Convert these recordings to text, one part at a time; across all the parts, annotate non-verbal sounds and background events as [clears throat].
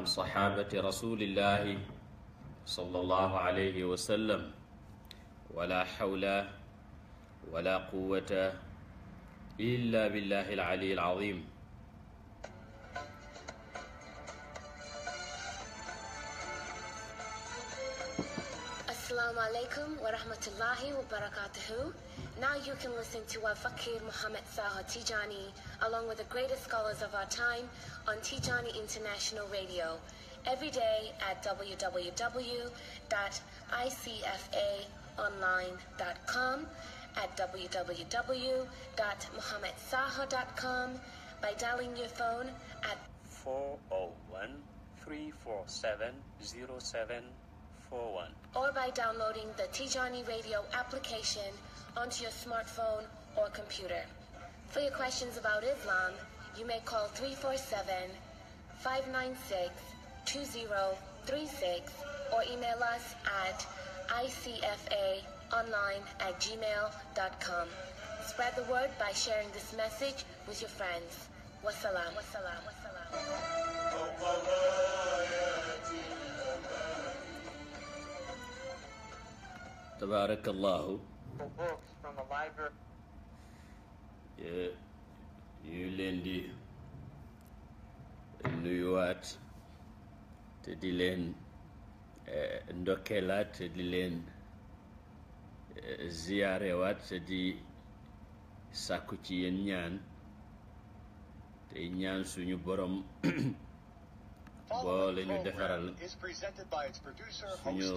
an saxaabati rasulillahi sallallahu alayhi wa sallam wala xawla wala quwata illa billahi alali alazim assalaamu aleykum wa rahmatullahi wa barakatuhu Now you can listen to our Fakir Muhammad Saha Tijani, along with the greatest scholars of our time, on Tijani International Radio, every day at www.icfaonline.com, at www.muhammadsaha.com, by dialing your phone at 401 347 07 841. Or by downloading the Tijani Radio application onto your smartphone or computer. For your questions about Islam, you may call 347 596 2036 or email us at icfaonline at gmail.com. Spread the word by sharing this message with your friends. Wassalam. Wassalam. Wassalam. tabarakallahu ñu leen di nuyuwaat te di leen eh, ndokkeelaat te di leen eh, ziyaarewaat te di sàkku ci yéen ñaan tey ñaan suñu borom boole ñu defaral suñu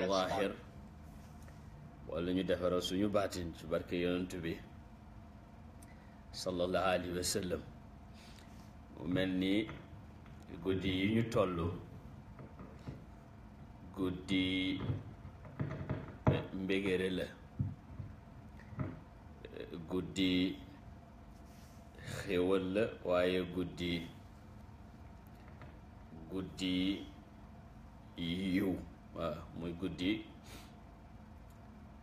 wala ñu defaral suñu baatin su barke yonent bi sallallahu alayhi wa sallam mu mel ni guddi yi ñu tollu guddi mbégére la guddi xéwal la waaye guddi guddi yiw waaw muy guddi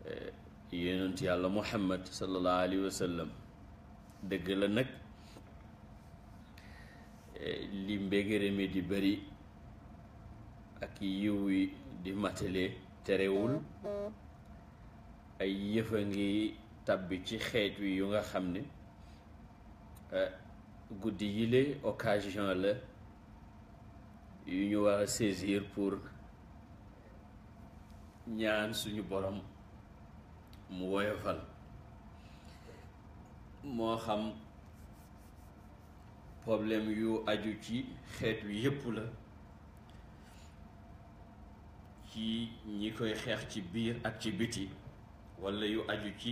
Eh, yonent yàlla muhammad sallallahu alayhi wa dëgg la nag eh, li mbégéré mi di bari ak yiw yi di matale terewul ay yëfa ngi tàbbi ci xeet wi yu nga xam ne eh, guddi yile occasion la yu ñu war a saisir pour ñaan suñu borom mu woyofal moo xam problème yu aju ci xeet wi yépp la ci ñi koy xeex ci biir ak ci biti walla yu aju ci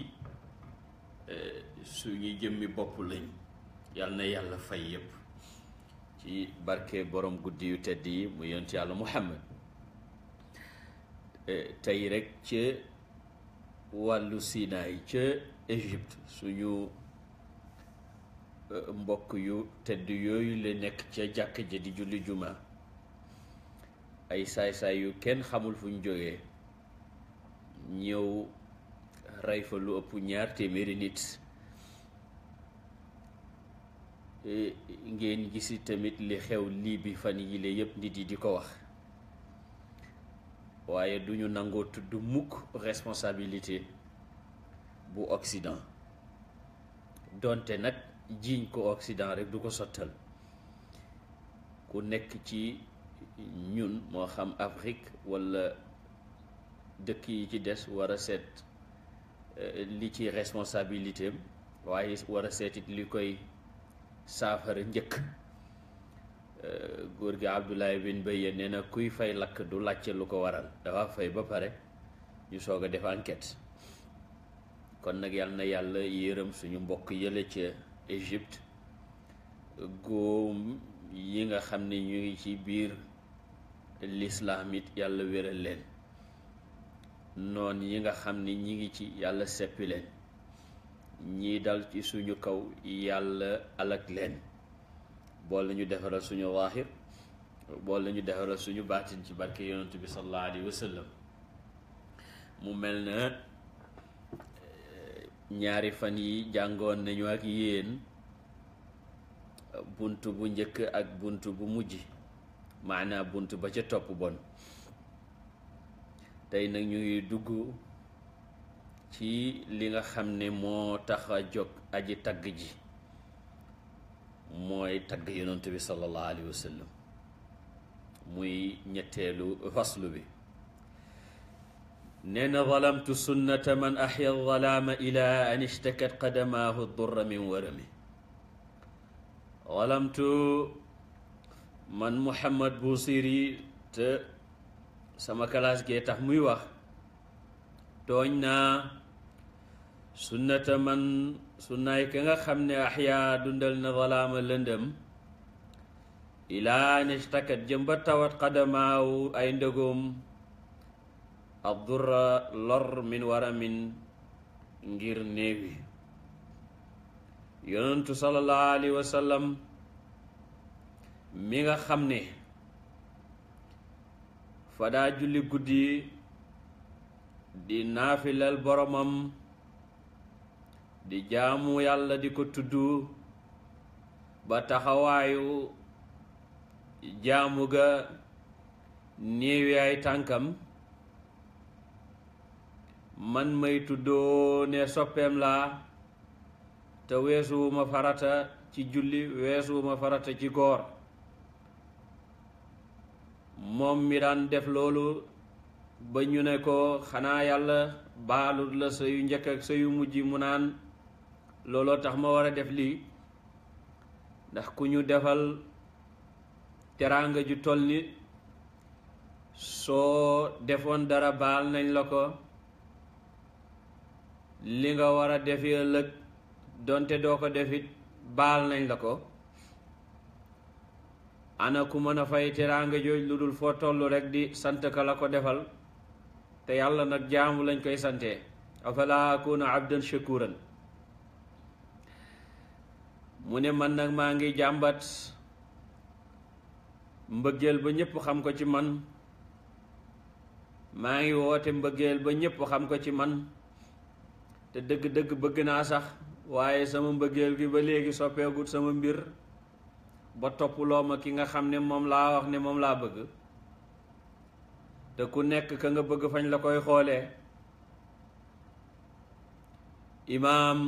eh, suñu jëmmi bopp lañ yal na yàlla fay yépp ci barke boroom guddi yu tedd yi mu yonent yàlla Muhammad eh, tey rek ca wàllu Sinaay ca Égypte suñu euh, mbokk yu tedd yooyu la nekk ca jàkk ja di julli juma ay saay-saay yu kenn xamul fu ñu jógee ñëw rey fa lu ëpp ñaar téeméeri nit eh, ngeen gisi tamit li xew lii bi fan yile yépp nit yi di ko wax waaye du ñu nangoo tudd mukk responsabilité bu Occident donte nag jiiñ ko Occident rek du ko sottal ku nekk ci ñun moo xam Afrique walla dëkk yi ci des war a seet euh, li ci responsabilité waaye war a seetit li koy saafara njëkk góor gi Abdoulaye bin Baye nee nag kuy fay lakk du laajte lu ko waral dafa fay ba pare ñu soog a def enquête kon nag yal na yàlla yërëm suñu mbokk yële ca Égypte góom yi nga xam ni ñu ngi ci biir lislaam yàlla wéral leen noon yi nga xam ni ñi ngi ci yàlla seppi leen ñii dal ci suñu kaw yàlla alak leen boole ñu defaral suñu waaxir boole ñu defaral suñu baatin ci barke yonent bi sallallahu alayhi wa mu mel na eh, ñaari fan yi jàngoon nañu ak yéen bunt bu njëkk ak bunt bu mujj maanaa bunt ba ca topp bon tey nag ñuy dugg ci li nga xam ne moo tax a jóg aji tagg ji mooy tagg yonent bi sallallahu alayhi wa ñetteelu faslu bi nee na zalamtu sunnata man axya zalaama ila an ishtakat qadamaahu durra min warami zalamtu man Muhammad Busiri te sama kalaas gee tax muy wax tooñ naa man sunnaay ka nga xam ne axyaa dundal na zalaama lëndëm ilaa nishtakat jëm ba tawat xadamaawu ay ndëgoom abdurra lor min waramin ngir néewi yonentu sallallahu alayhi wa sallam mi nga xam ne fa daa julli guddi di naafilal boromam di jaamu yàlla di ko tudd ba taxawaayu jaamu ga néewi ay tànkam man may tuddoo ne soppeem laa te weesuwuma farata ci julli weesuwuma farata ci koor moom mi daan def loolu ba ñu ne ko xanaa yàlla baalut la sa yu njëkk ak sa yu mujj mu naan looloo tax ma war a def lii ndax ku ñu defal teraanga ju toll ni soo defoon dara baal nañ la ko li nga war a defi ëllëg donte doo ko def it baal nañ la ko ana ku mën a fay teraanga jooj lu dul foo tollu rek di sant ka la ko defal te yàlla nag jaamu lañ koy sante afala akuna abdan shakuran mu ne man nag maa ngi jàmbat mbëggeel ba ñépp xam ko ci man maa ngi woote mbëggeel ba ñépp xam ko ci man te dëgg-dëgg bëgg naa sax waaye sama mbëggeel gi ba léegi soppeegut sama mbir ba toppuloo ma ki nga xam ne moom laa wax ne moom laa bëgg te ku nekk ka nga bëgg fañ la koy xoolee imaam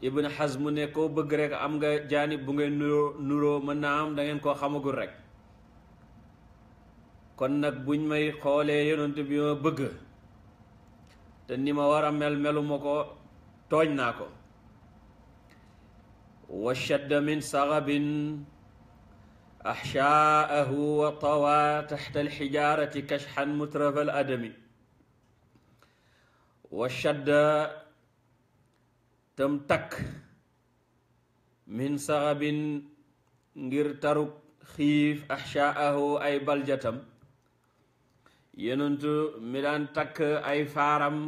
Ibn Hazm ne koo bëgg rek am nga jaanib bu ngeen nuroo nuroo mën naa am da ngeen koo xamagul rek kon nag buñ may xoolee yonent bi ma bëgg te ni ma war a mel meluma ko tooñ naa ko wa shadda min saxabin axshaahu wa tawa taxta alxijaarati kashxan mutrafa adami wa shadda tam takk min saxabin ngir taruk xiif ahshaahu ay baljatam yenentu mi daan takk ay faaram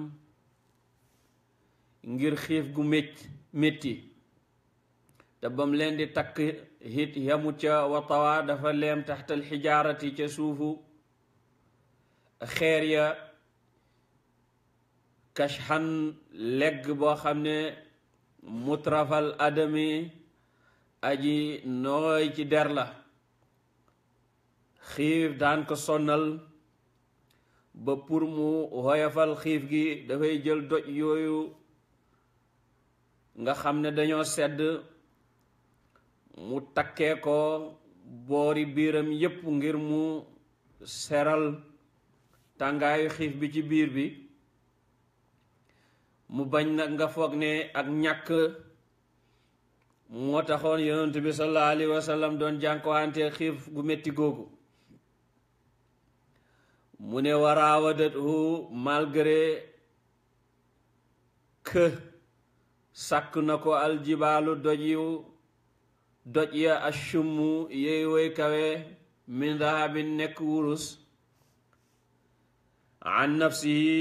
ngir xiif gu métt métti bam leen di takk hit yamu ca watawa dafa leem taxtal xijaarati ca suufu xeer ya kashxan legg boo xam ne mutrafal adami aji nooy ci der la xiif daan ko sonnal ba pour mu hoyafal xiif gi dafay jël doj yooyu nga xam ne dañoo sedd mu takkee ko boori biiram yépp ngir mu seral tàngaayu xiif bi ci biir bi mu bañ nag nga foog ne ak ñàkk moo taxoon yonent bi sallallahu alayhi wa sallam doon jànkuwante xiif gu metti googu mu ne waraawadathu malgré que sàkk na ko aljibaalu doj yu doj ya ashumu kawe min dahabin nekk wurus an nafsihi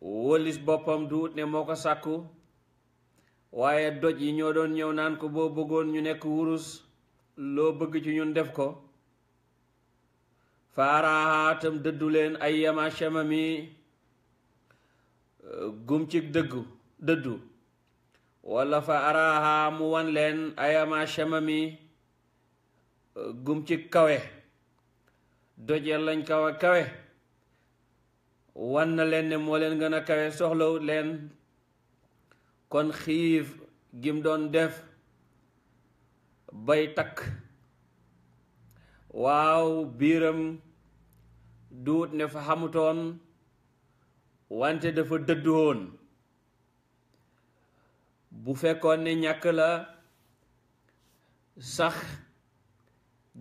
wëllis boppam duut ne moo ko sàkku waaye doj yi ñoo doon ñëw naan ko boo bëggoon ñu nekk wurus loo bëgg ci ñun def ko faaraatam dëddu leen ay yama chamami euh, gum ci dëggu dëddu wala fa araaha mu wan leen ayama chamami euh, gum ci kawe doj lañ kawe kawe wan na leen ne moo leen gën a kawe soxlawut leen kon xiif gim doon def bay takk waaw biiram duut ne fa xamutoon wante dafa dëdduwoon bu fekkoon ne ñàkk la sax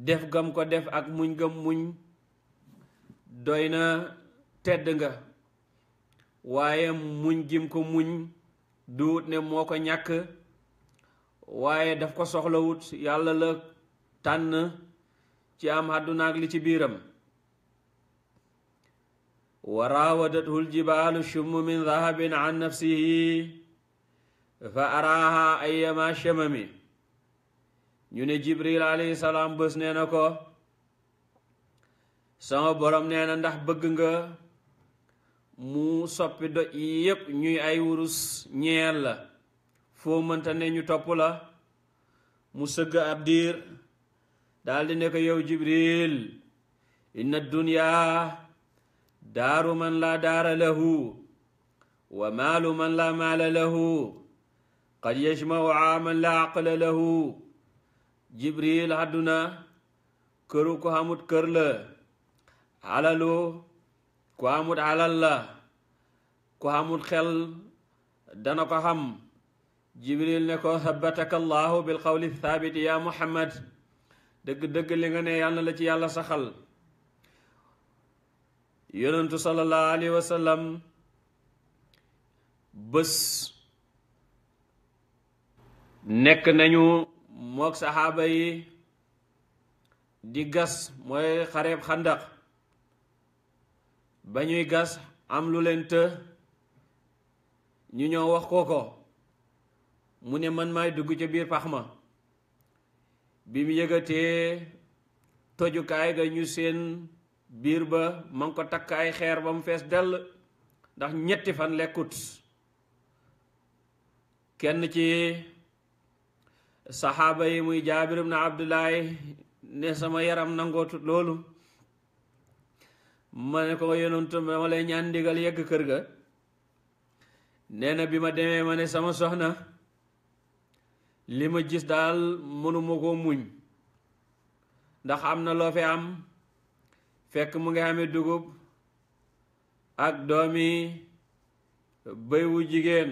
def gam ko def ak muñ gam muñ doy na tedd nga waaye muñ gim ko muñ duut ne moo ko ñàkk waaye daf ko soxlawut yàlla la tànn ci am àdduna li ci biiram wa raawadathu ljibaalu shummu min dahabin an nafsihi fa araaha ayyama shamami ñu ne jibril alayhi salaam nee na ko sama borom nee na ndax bëgg nga mu soppi doj yi yépp ñuy ay wurus ñeel la foo mënta ne ñu topp la mu sëgg ab daldi nekk ko yow jibril inna dunya daaru man laa daara lahu wa maalu man laa maala lahu qad yajmau aaman laa aqla lahu jibril àdduna këru ko xamut kër ku amut alal la ku amut xel dana ko xam jibril ne ko thabataka allahu bil qawli thabit ya muhammad dëgg-dëgg li nga ne yàlla la ci yàlla saxal yonentu sallallahu alayhi wa sallam bés nekk nañu mook saxaaba yi di gas mooy xareeb xandaq ba ñuy gas am lu leen të ñu ñëw wax kooko mu ne man maay dugg ca biir pax ma bi mu yëgatee tojukaay ga ñu seen biir ba ma ngi ko takk xeer ba mu fees dell ndax ñetti fan lekkut kenn ci saxaaba yi muy jaabir ibn abdullahi ne sama yaram nangootu loolu ma ne ko yonentu dama lay ñaan ndigal yegg kër ga nee na bi ma demee ma ne sama soxna li ma gis daal mënuma koo muñ ndax am na loo fi am fekk mu ngi amee dugub ak doomi bëy wu jigéen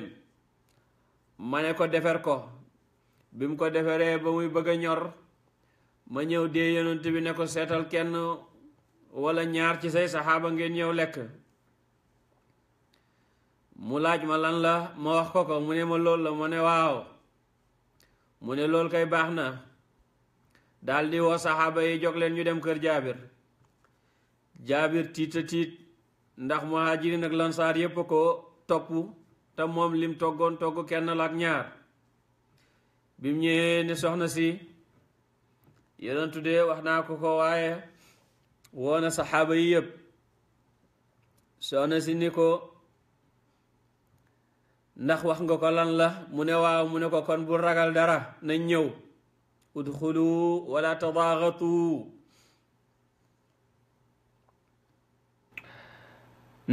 ma ne ko defer ko bi mu ko deferee ba muy bëgg a ñor ma ñëw dee yonent bi ne ko seetal kenn wala ñaar ci say saxaaba ngeen ñëw lekk mu laaj ma lan la ma wax ko ko mu ne ma lool la ma ne waaw mu ne lool kay baax na daldi woo saxaaba yi jog leen ñu dem kër jaabir jaabir tiita tiit ndax muhajirin ak lansaar yépp ko topp te moom lim toggoon togg kenn la ak ñaar bi mu ñëwee ne soxna si yéen tudde wax naa ko ko waaye woona saxaaba yi yëpp soxna si ni ko ndax wax nga ko lan la mu ne waaw mu ne ko kon bu ragal dara na ñëw udxulu wala tadaaxatu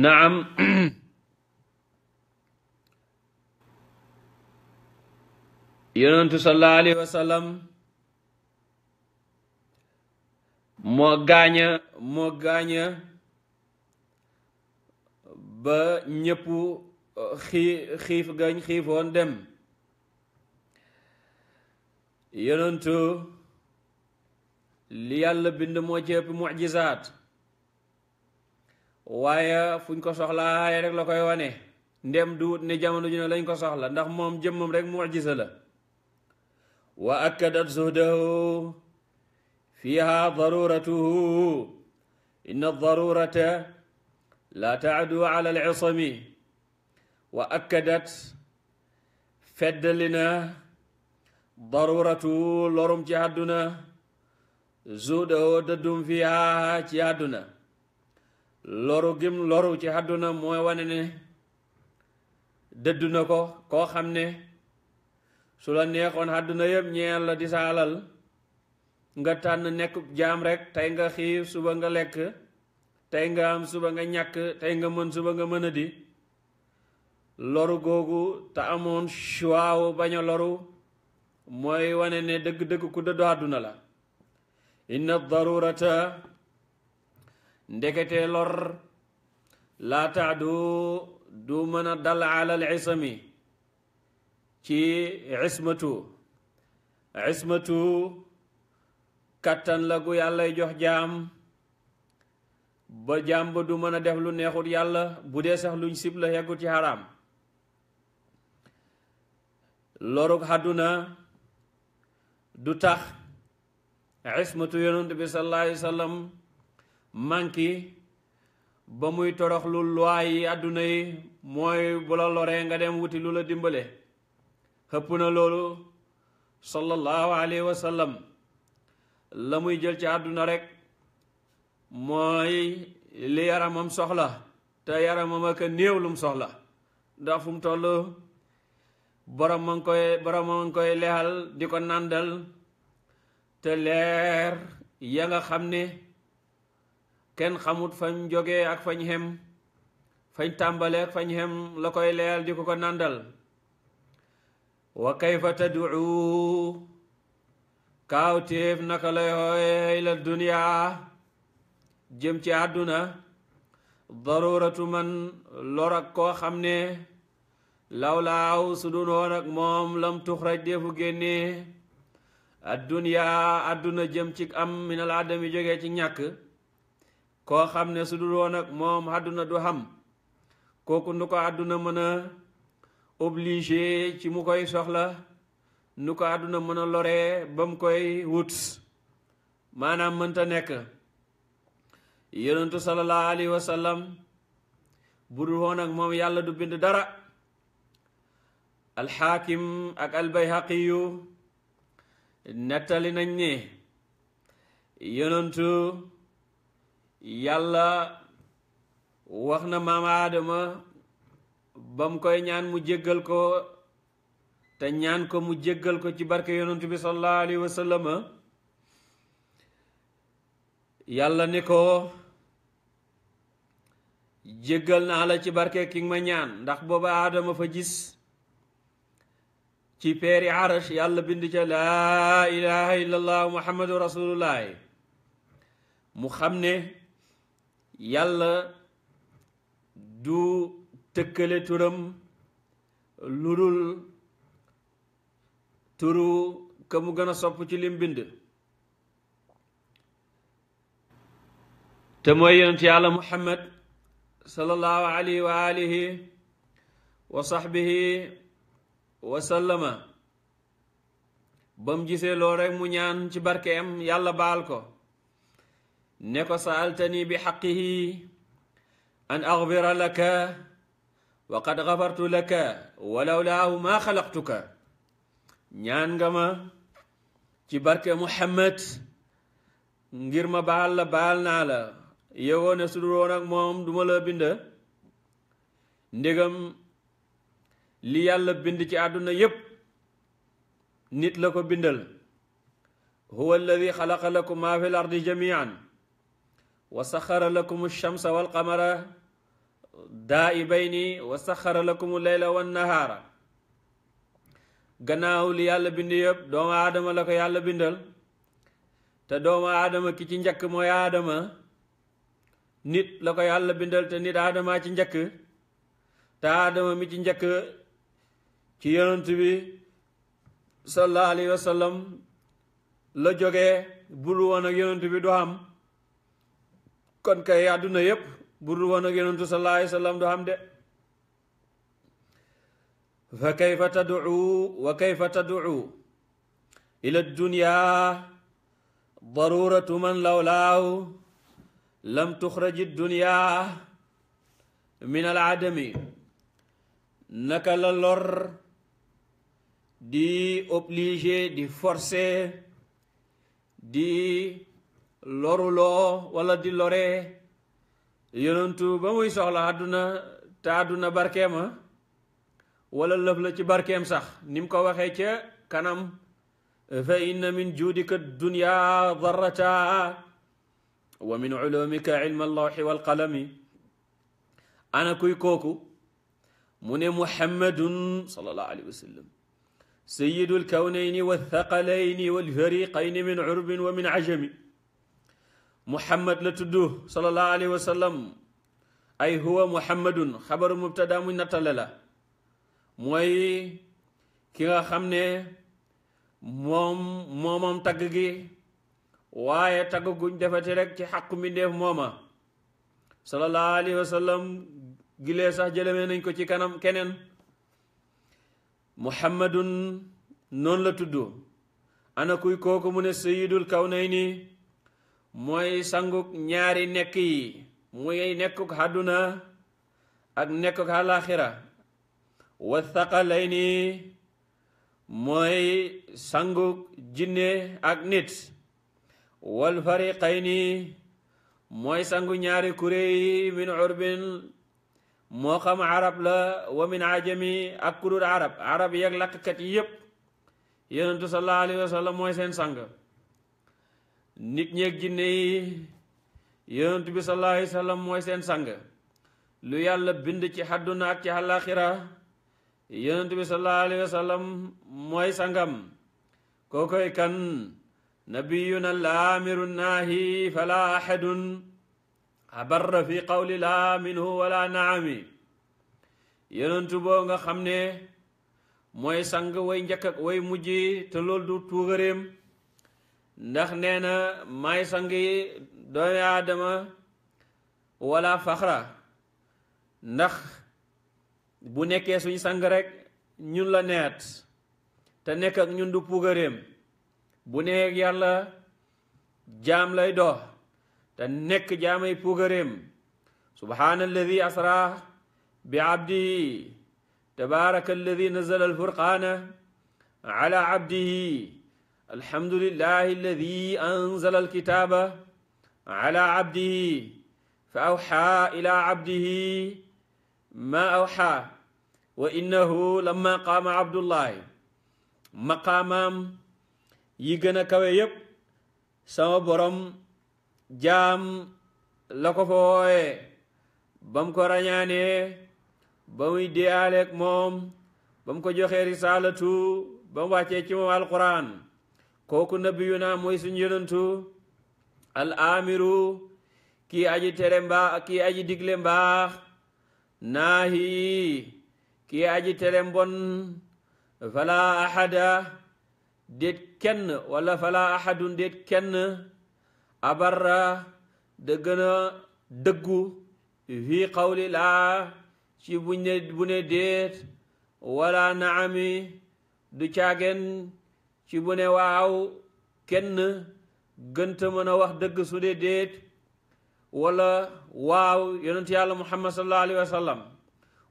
naam [clears throat] yonentu sallallahu alayhi wa sallam moo gaaña moo gaaña ba ñëpp uh, xiif gañ xiifoon dem yonentu yàlla bind moo ci ëpp mucjisaat waaye fuñ ko soxlaa rek la koy wane ndem duut ne jamono ju ne lañ ko soxla ndax moom jëmmam rek mucjisa la wa akkadat zuhdahu fiiha daruratuhu inna darurata laa taadu ala alcisami wa akkadat feddali na daruratu lorum ci àdduna zuudahoo dëddum fiiha ci àdduna loru gim loru ci àdduna mooy wane ne dëddu na ko koo xam ne su la neexoon àdduna yëpp ñeel nga tànn nekk jaam rek tey nga xiif suba nga lekk tey nga am suba nga ñàkk tey nga mën suba nga mën a di loru googu te amoon choix bañ loru mooy wane ne dëgg-dëgg ku dëddu àdduna la inna darurata ndekete lor laa taadu mën a dal alal isami ci ismatu ismatu kàttan la gu yàllay jox jaam ba jaam ba du mën a def lu neexut yàlla bu dee sax luñ sib la yeggu ci xaraam lorug àdduna du tax ismatu yonent bi sallallahu alayhi wa ba muy torox lu luwaay yi àdduna yi mooy bu la loree nga dem wuti lu la dimbale xëpp na loolu sallallahu alayhi wa la muy jël ci àdduna rek mooy li yaramam soxla te yaramam ak néew lum soxla ndax fu mu toll borom ma ngi borom ma ngi koy leexal di ko nàndal te leer ya nga xam ni kenn xamut fañ jógee ak fañ xem fañ tàmbale ak fañ xem la koy leexal di ko ko nàndal wa kayfa tad'u kaawteef naka lay hooye xëy la duniyaa jëm ci àdduna daruratu man lor koo xam ne lawlaaw su dun woon ak moom lam tuxraj defu génne adduniyaa àdduna jëm ci am minal adami jógee ci ñàkk koo xam ne su dul woon moom àdduna du xam kooku nu ko àdduna mën a obligé ci mu koy soxla nu ko àdduna mën a loree ba mu koy wut maanaam mënta nekk yonentu sallallahu alayhi wa sallam bu dul moom yàlla du bind dara alxaakim ak albayhaqi yu nettali nañ ni yonentu yàlla wax na maam aadama ba mu koy ñaan mu jéggal ko te ñaan ko mu jéggal ko ci barke yonent bi sallallahu alayhi wa yàlla ne ko jéggal naa la ci barke ki ma ñaan ndax booba aadama fa gis ci peeri arash yàlla bind ca laa ilaha illallah muhammadu rasulullahi mu xam ne yàlla du tëkkale turam lu dul turu ka mu gën a sopp ci lim bind te mooy yonent yàlla muhammad sallallahu alayhi wa alihi wa wa sallama ba mu gisee loo mu ñaan ci barkeem yàlla baal ko ne ko saaltani bi xaqihi an axfira laka wa qad xafartu laka wa lawlaahu ma xalaqtuka ñaan nga ma ci barke Muhammad ngir ma baal la baal la yowoo ne su moom duma la bind ndegam li yàlla bind ci àdduna yépp nit la ko bindal huwa alladi xalaqa lakum maa fi l ardi jamian wa saxara lakum alchamsa walqamara daa'ibayni wa saxara lakum alleyla wannahaara gannaaw li yàlla bind yëpp doomu aadama la ko yàlla bindal te doomu aadama ki ci njëkk mooy aadama nit la ko yàlla bindal te nit aadamaa ci njëkk te aadama mi ci njëkk ci yonent bi sallallahu alayhi la jógee bul woon ak yonent du am kon kay àdduna yëpp bul woon ak yonent sallallahu du am de fa kayfa tad'u wa kayfa tad'u ila dunya daruratu man lawlaaw lam tuxraji dunya min alaadami naka la lor di obligé di forcé di loruloo wala di lore yonentu ba muy soxla àdduna te àdduna barkeema ah. wala lëf la ci barkeem sax ni mu ko waxee ca kanam fa inna min juudika dunya darrata wa min ulumika ilma allawxi walqalami ana kuy kooku mu ne muhammadun sallallahu alayhi wa sallam sayidu alkawnayni walthaqalayni walfariqayni min urbin wa min ajami muhammad la tudd sallallahu alayhi wa sallam ay huwa muhammadun xabaru mubtada muñ nattale la mooy ki nga xam ne moom moomam tagg gi waaye tagg guñ defati rek ci xàqu mbindeef mooma sallallahu alayhi wa sallam gilee sax jëleme nañ ko ci kanam keneen muhammadun noonu la tudd ana kuy kooku mu ne sayidul ni mooy sanguk ñaari nekk yi muy nekkuk àdduna ak nekkuk àllaaxira wathaqalayni mooy sangu jinne ak nit wal fariqayni mooy sangu ñaari kuréel yi min urbin moo xam arab la wa min ajami ak kudur arab arab yi ak lakkat yi yépp yonentu sallallahu alayhi wa mooy seen sang nit ñeeg jinne yi yonent bi sallallahu alayhi wa mooy seen sang lu yàlla bind ci àdduna ak ci àllaaxira yonent bi sallallahu alayhi wa sallam mooy sangam kookoy kan nabiyuna laamiru naahi fala ahadun abarra fi qawli laa minhu wala naami yonentu boo nga xam ne mooy sang way njëkk ak way mujj te loolu du tuugaréem ndax nee na maay sang yi wala faxra ndax bu nekkee suñu sang rek ñun la neet te nekk ak ñun du puugareem bu nekk yàlla jam lay dox te nekk jaamay puugareem subhaana alladi asra bi abdihi tabaraka alladi nazala alfurqaana ala abdihi alhamdulillahi alladi anzala alkitaaba ala abdihi fa awxa ila abdihi ma awxaa wa innahu lamma qaama abdullahi maqaamaam yi gën a kawe yépp sama borom jaam la ko fa wooyee ba ko rañaanee ba muy deyaaleeg moom bam ko joxee risaalatu ba mu wàccee ci moom alquran kooku nabiyu naa mooy suñu yonantu al amiru kii aji tere mbaax kii aji digle mbaax naahi ki aji tere mbon fala ahada déet kenn wala fala ahadun déet kenn abarra da gën dëggu fii qawli laa ci buñ ne bu ne naami du caageen ci bu ne waaw kenn gënta mën a wax dëgg su dee wala waaw yonent yàlla muhammad sallallahu alayhi wa sallam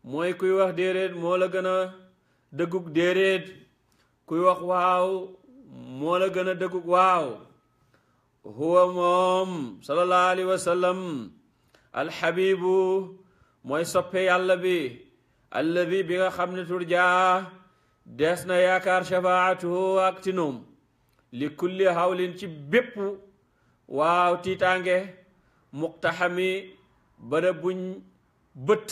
mooy kuy wax déedéet moo la gën a dëggug déedéet kuy wax waaw moo la gën a dëggug waaw huwa moom sallallahu alayhi wa sallam mooy soppe yàlla bi alladi bi nga xam ne turjaa des na yaakaar shafaatuhu ak tinum li kulli hawlin ci bépp waaw tiitaange muqtaxami bërëb buñ bët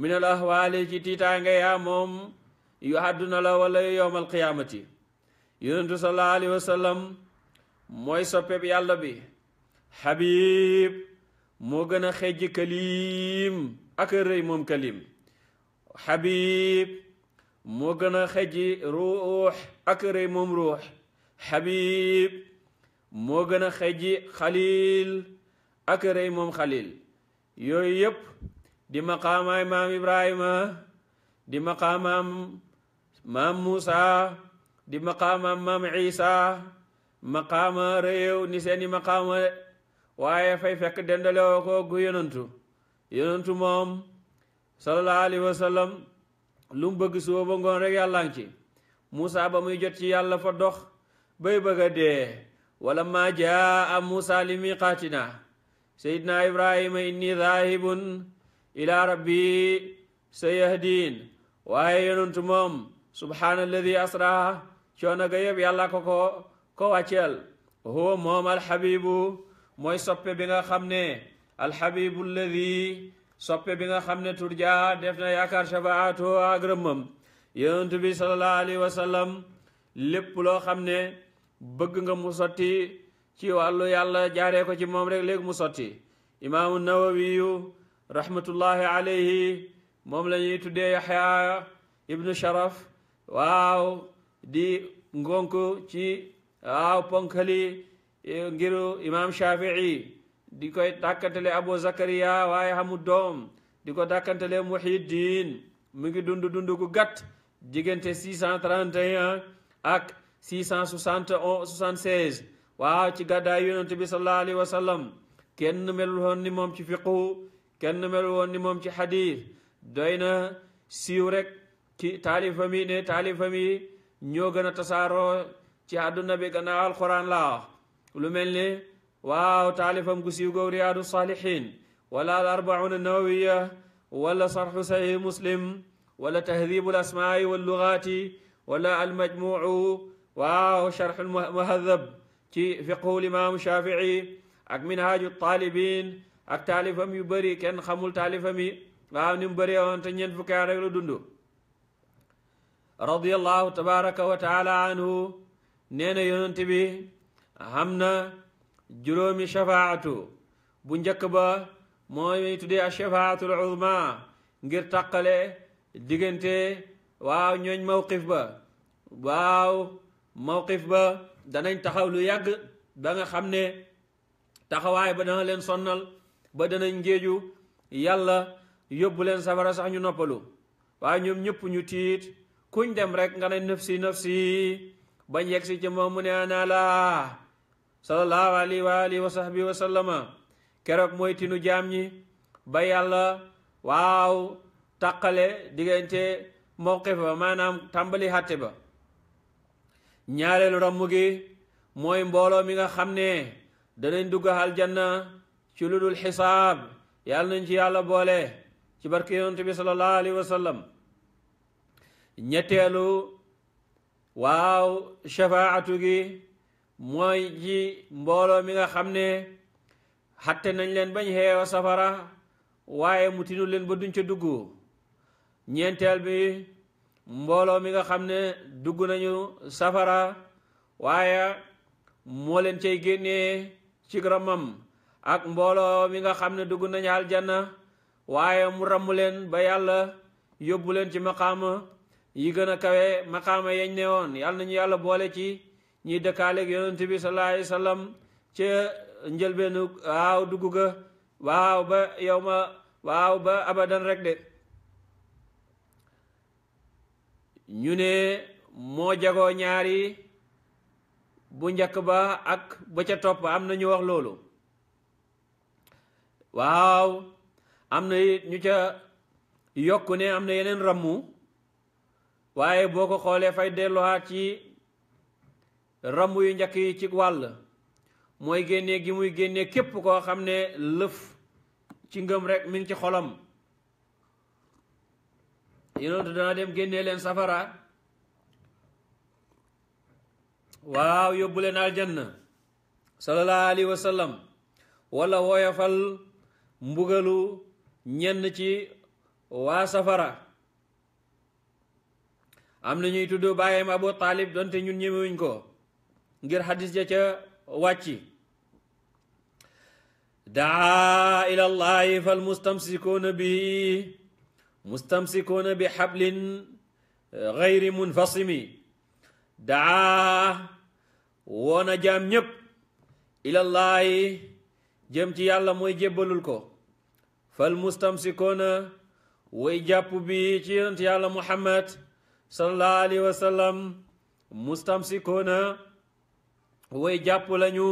minal ahwaali ci tiitaange yaa moom yu àdduna la walla yowmal qiyaamati yonentu sallallahu alayhi wa mooy soppeeb yàlla bi xabib moo gën a xejj kalim rëy moom kalim xabib moo gën a xejj ruux ak rëy moom ruux xabib moo gën a xejj ak rëy moom xalil yooyu yépp di maqaamaay maam ibrahima di maqaamaam maam muusa di maqaamaam maam isa maqaama réew ni seeni maqaama waaye fay fekk dendalewoo ko gu yonantu moom sallallahu alayhi wa lu mu bëgg suba ba rek yàlla ngi ba muy jot ci yàlla fa dox bay bëgg dee wala maa jaa a Muusa li miqaatina seydina ibrahima inni zaahibun ila rabbi sayahdiin waaye yonentu moom subhaanalladi asra coono ga yëpp yàlla ko ko ko wàcceel huwa moom alxabibu mooy soppe bi nga xam ne alxabibu alladi soppe bi nga xam ne turja def na yaakaar shafaatoo ak rëmmam yonentu bi salallahu alayhi wa sallam lépp loo xam ne bëgg nga mu sotti ci wàllu yàlla jaaree ko ci moom rek léegi mu sotti imaamu nawawiyu rahmatullahi alayhi moom la ñuy tuddee yaxya ibnu sharaf waaw di ngonk ci waaw ponkali e, ngiru imaam shafii di koy dàkkantale abu zakariya waaye xamu doom di ko dàkkantale muhiddin mu ngi dund dund gu gàtt diggante 631 ak 676 waaw ci gàddaay yonent bi sallallahu alayhi moom ci fiqhu kenn melul woon ni moom ci xadiis doy na siiw rek ci taalifam yi ne taalifam yi ñoo gën a tasaaroo ci àdduna bi gannaaw mel ni waaw taalifam gu siiw goow riyaadu al arbauna nawawiya al asmaai waaw charxu mahadab ci fiqhul imaamu shafii ak minhaaju taalibin ak taalifam yu bëri kenn xamul taalifam yi waaw ni mu bëree woon te ñeent fukki at rek la dund radiallahu tabaraka wa taala anhu nee na yonent bi xam na juróomi shafaatu bu njëkk ba mooy tuddee a shafaatul uzma ngir tàqale diggante waaw ñooñ mawqif ba waaw mawqif ba danañ taxaw lu yàgg ba nga xam ne taxawaay ba dana leen sonnal ba danañ ngéeju yàlla yóbbu leen safara sax ñu noppalu waaye ñoom ñëpp ñu tiit kuñ dem rek nga ne nafsi nafsi bañ yegg si ci moom mu ne ana laa sallallahu alayhi wa alihi wa sahbihi keroog mooy tinu jaam ñi ba yàlla waaw taqale diggante mawqif ba maanaam tàmbali xàtte ba ñaareelu rammu gi mooy mbooloo mi nga xam ne danañ dugg aljanna ci lu dul xisaab yàlla nañ ci yàlla boole ci barke yonent bi sallallahu alayhi wa sallam ñetteelu waaw shafaatu gi mooy ji mbooloo mi nga xam ne xatte nañ leen bañ xeewa safara waaye mu tinu leen ba duñ ca dugg ñeenteel bi mbooloo mi nga xam ne dugg nañu safara waaye moo leen cay génnee ci ramam ak mbooloo mi nga xam ne dugg nañu aljanna waaye mu ramm leen ba yàlla yóbbu leen ci maxama yi gën a kawe maqaama yañ ne woon yàlla nañu yàlla boole ci ñiy dëkkaaleeg yonent bi sallallahu alayhi wasallam ca njëlbeenu waaw dugg ga waaw ba yow ma waaw ba abadan rek de ñu ne moo jagoo ñaari bu njëkk ba ak ba ca topp am na ñu wax loolu waaw am na ñu ca yokk ne am na yeneen rammu waaye boo ko xoolee fay delluwaat ci rammu yu njëkk yi ci wàll mooy génnee gi muy génnee képp koo xam ne lëf ci ngëm rek mi ngi ci xolam yonentu dana dem génnee leen safara waaw yóbbu leen aljanna sallallahu alayhi wa sallam wala woyofal mbugalu ñenn ci waa safara am na ñuy tudd bàyyam Abu Taalib donte ñun ñemewuñ ko ngir xadis ja ca wàcci daa ila fal mustamsikuuna bihi mustamsikuuna bi xablin gayri munfasimi daa woona jaam ñépp ilallaahi jëm ci yàlla mooy jébbalul ko fal mustamsikoona way jàpp bi ci yonent yàlla muhammad sallallahu alayhi wa sallam mustamsikoona way jàpp lañu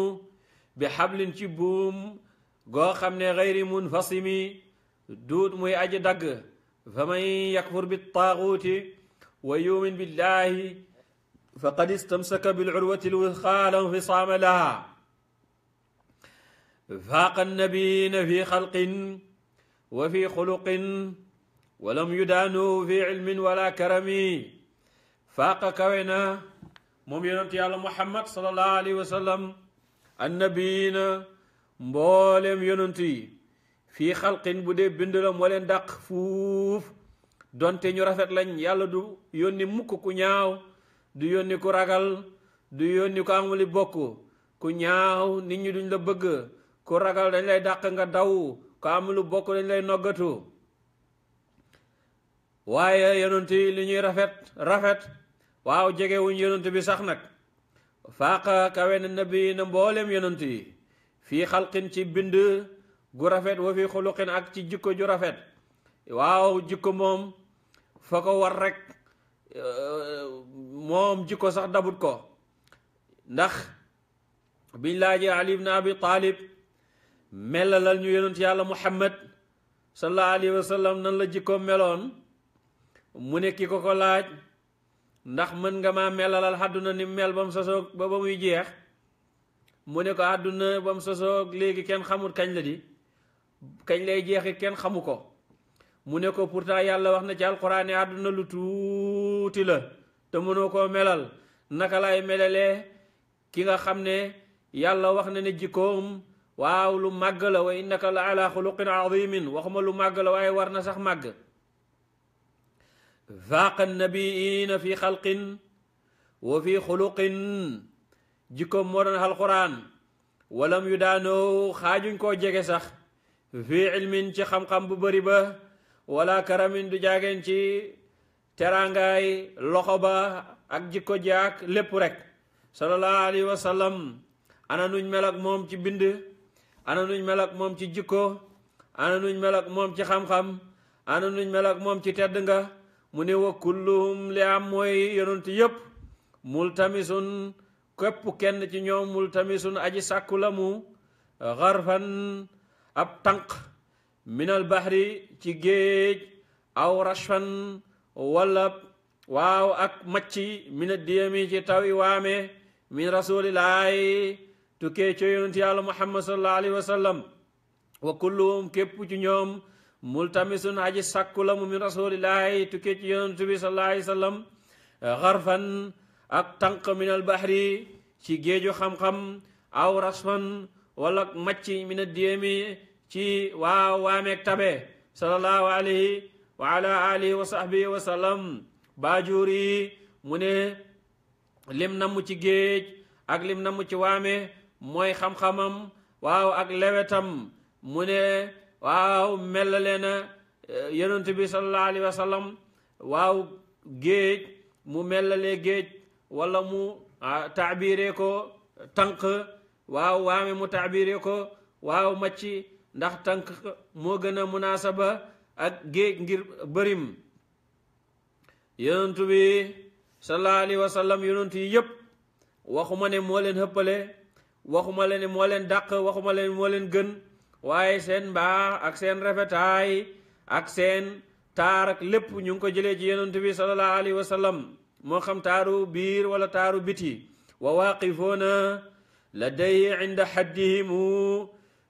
bi xablin ci buum goo xam ne gayri munfasimi duut muy aji dagg faman yakfur bittaaguuti wa yumin billahi faqad istamsaka bilurwati lwusqa la nfisaama laha faaqa annabiyina fi xalqin wa fi xuluqin wa lam yudaanu fi ilmin wala karami faaqa kawe na moom yonent yàlla muhammad sallallahu alayhi wa sallam annabiyina mbooleem yonent yi fii xalqin bu dee bind la moo leen dàq fuuf donte ñu rafet lañ yàlla du yónni mukk ku ñaaw du yónni ku ragal du yónni ko amuli bokk ku ñaaw nit ñi duñ la bëgg ku ragal dañ lay dàq nga daw ku amulu bokk dañ lay noggatu waaye yonent yi li ñuy rafet rafet waaw jegewuñ yonent bi sax nag faaqa kawe na nabi na mboolem yonent yi fii xalqin ci bind gu rafet wa fi xuluqin ci jikko ju rafet waaw jikko moom foo ko war rek euh, moom jikko sax dabut ko ndax biñ laajee ali ibn abi talib melalal ñu yonent yàlla muhammad sallallahu alayhi wa nan la jikko meloon mu ne ko ko laaj ndax mën nga maa melalal àdduna ni mel ba mu sosoog ba ba muy jeex mu ne ko àdduna ba mu sosoog léegi kenn xamul kañ la di kañ lay jeexee kenn xamu ko mu ne ko pourtant yàlla wax na ci alquran ne àdduna lu tuuti la te mënoo ko melal naka lay melalee ki nga xam ne yàlla wax na ne jikkoom waaw lu màgg la wa waxuma lu màgg la waaye war na sax màgg faaqa nabiina fi xalqin wa fi xuluqin jikkoom moo doon alquran walam yu daanoo xaajuñ koo jege sax fii ilmin ci xam-xam bu bari ba wala karamin du jaageen ci teraangaay loxo ba ak jikko jaak lépp rek sallallahu alayhi wa ana nuñ mel moom ci bind ana nuñ mel moom ci jikko ana nuñ mel moom ci xam-xam ana nuñ mel moom ci tedd nga mu ni wa kulluhum li am mooy yonent yépp multamisun képp kenn ci ñoom multamisun aji sàkku la ab tànq minal bahri ci géej aw rashfan wala waaw ak macci mina diyami ci taw i waame min rasulillahi tukkee ci yonent yàlla muhammad sallallahu alayhi wa wa kulluhum képp ci ñoom multamisun aji sàkku min rasulillahi tukkee ci yonent bi sallallahu alayhi wa sallam xarfan ak tànq minal ci géeju xam aw rashfan wala macci mina diyami ci waa waameeg tabe sallallahu alayhi wa ala alihi wa sahbihi wa sallam baajuur mu ne lim namm ci géej ak lim namm ci waame mooy xam-xamam waaw ak lewetam mu ne waaw mellale na eh, yonent bi sallallahu alayhi wa sallam waaw géej mu mellalee géej walla mu ah, taabiree ko tànk waaw waame mu taabiree ko waaw macci ndax tànk moo gën a munaasaba ak géej ngir bërim yonentu bi sallallahu alayhi wa sallam yonentu yi yëpp waxuma ne moo leen hëppale waxuma leen ne moo leen dàq waxuma leen moo leen gën waaye seen mbaax ak seen rafetaay ak seen taar ak lépp ñu ngi ko jëlee ci yonentu bi sallallahu alayhi wa sallam moo xam taaru biir wala taaru biti wa waaqifoona la day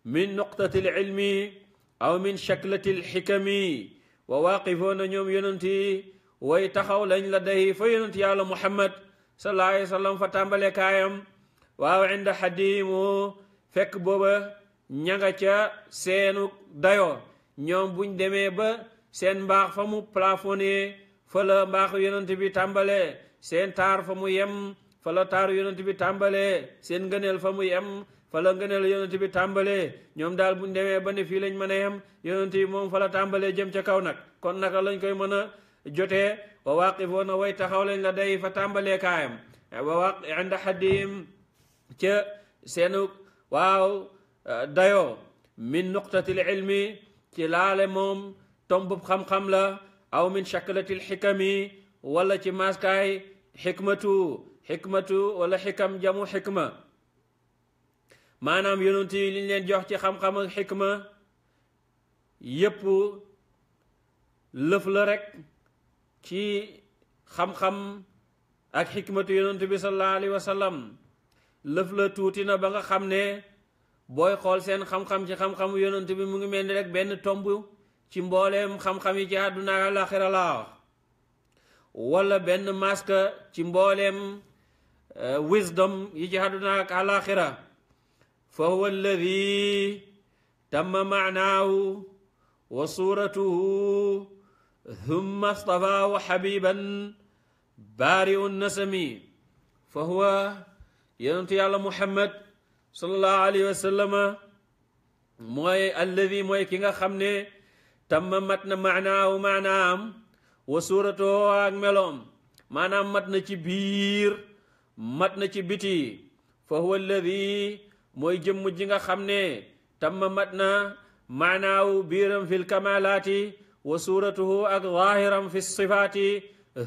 min nuqtati ilmi aw min shaklati lxikami wa waaqifoona ñoom yonent way taxaw lañ la day fa yonent yàlla muhammad sallallahu alayhi wa fa tàmbale kaayam waaw inda xadimu fekk booba ña nga ca seenu dayoo ñoom buñ demee ba seen mbaax fa mu plafonné fa la mbaaxu yonent bi tàmbalee seen taar fa mu yem fa la taaru yonent bi tàmbalee seen ngëneel fa mu yem fala ngëneel yonent bi tàmbalee ñoom daal buñ demee ba ne fii lañ mën a yem yonent bi moom fala tàmbalee jëm ca kaw nag kon naka lañ koy mën a jotee wa waaqifoona way taxaw lañ la day fa tàmbalee kaayam wa waq inda xaddihim min nuqtatil ilmi ci laale moom tombub xam la aw min shaklatil xikami wala ci maaskaay xikmatu xikmatu wala xikam jamu xikma maanaam yonent yi liñ leen jox ci xam-xam ak xikma yépp lëf la rek ci xam-xam ak xikmatu yonent bi sallallahu alayhi wa sallam lëf la tuuti na ba nga xam ne booy xool seen xam-xam ci xam-xamu yonent bi mu ngi mel ni rek benn tomb ci mbooleem xam-xam yi ci àdduna ak àllaaxira la wala benn masque ci mbooleem euh, wisdom yi ci àdduna ak àllaaxira فهو الذي تم معناه وصورته ثم اصطفاه حبيبا بارئ النسم فهو ينت على محمد صلى الله عليه وسلم موي الذي موي كيغا خامني تم متنا معناه معنام وصورته ak melom manam matna ci bir matna ci biti فهو الذي mooy jëmm ji nga xam ne tamma mat na maanaawu biiram fi lkamalaati wa suuratuhu ak zaahiram fi sifaati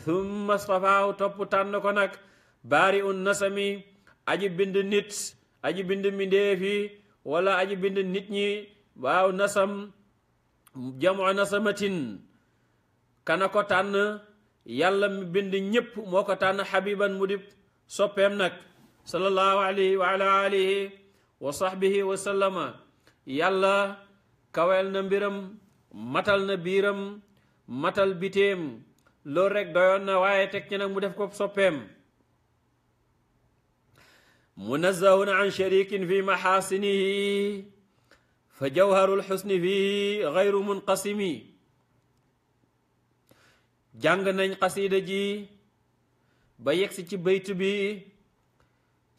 thumma stafaahu topp tànn ko nag baari un nasami aji bind nit aji bind mindeefi wala aji bind nit ñi waaw nasam jamu nasamatin kana ko tànn yàlla mi bind ñépp moo ko tànn xabiban mu soppeem nag sallallahu alayhi wa ala wa sahbihi wa sallama yàlla na mbiram matal na biiram matal biteem loolu rek doyoon na waaye teg ci nag mu def ko soppeem munazzahun an sharikin fi maxaasinihi fa jawharul xusni fi xayru munqasimi jàng nañ xasida ji ba yegsi ci baytu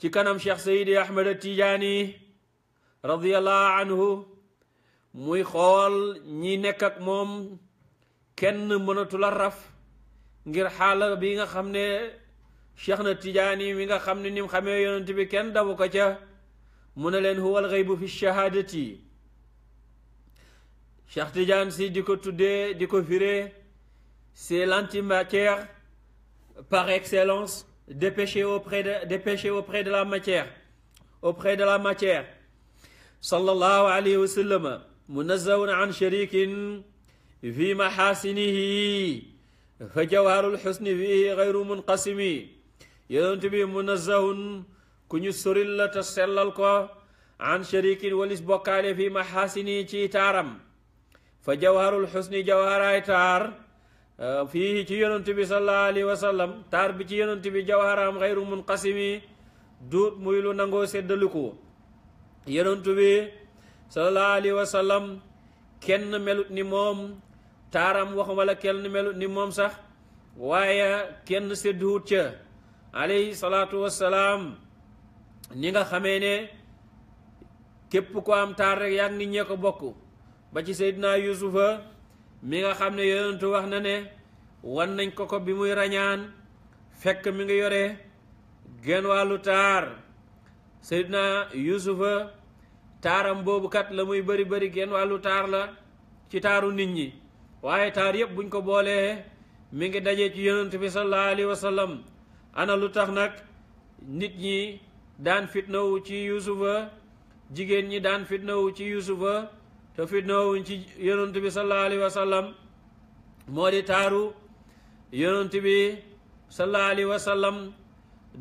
ci kanam cheikh seydi ahmed tijaani radiallahu anhu muy xool ñi nekk moom kenn mënatul a raf ngir xaala bi nga xam ne cheikh na tijaani mi nga xam ne nim xamee yonent bi kenn dabu ko ca mu ne leen huwal xaybu fi shahaadati cheikh tijan si di ko tuddee di ko firee c'est l'antimatière par excellence dépêchez auprès de dépêchez auprès de la matière auprès de la matière sallallahu alayhi wa sallam munazzahun an sharikin fi mahasinihi fa jawharul xusni fii xayru munqasimi yonent bi munazzahun ku ñu soril la te sellal ko an sharikin walis bokkaale fi mahasini ci taaram fa jawharul xusni jawharaay taar Euh, fii ci yonent bi sallallahu alayhi wa taar bi ci yonent bi jawharaam xayru munqasimi duut muy lu nangoo séddaliku yonent bi sallallahu alayhi wa kenn melut ni moom taaram waxuma la kenn melut ni moom sax waaye kenn sédduwut ca alayhi salaatu wassalaam ni nga xamee ne képp ko am taar rek yaa ngi nit bokk ba ci seydinaa yusufa mi nga xam ne yonentu wax na ne wan nañ ko ko bi muy rañaan fekk mi ngi yore genn wàllu taar seydina yusufa taaram boobu kat la muy bëri bëri wàllu taar la ci taaru nit ñi waaye taar yëpp buñ ko boolee mi ngi daje ci yonent bi sallallahu alayhi wa ana lu tax nag nit ñi daan fitnawu ci yusufa jigéen ñi daan fitnawu ci yusufa te fitnoowuñ ci yonent bi sallallahu alayhi wa sallam moo taaru yonent bi sallallahu alayhi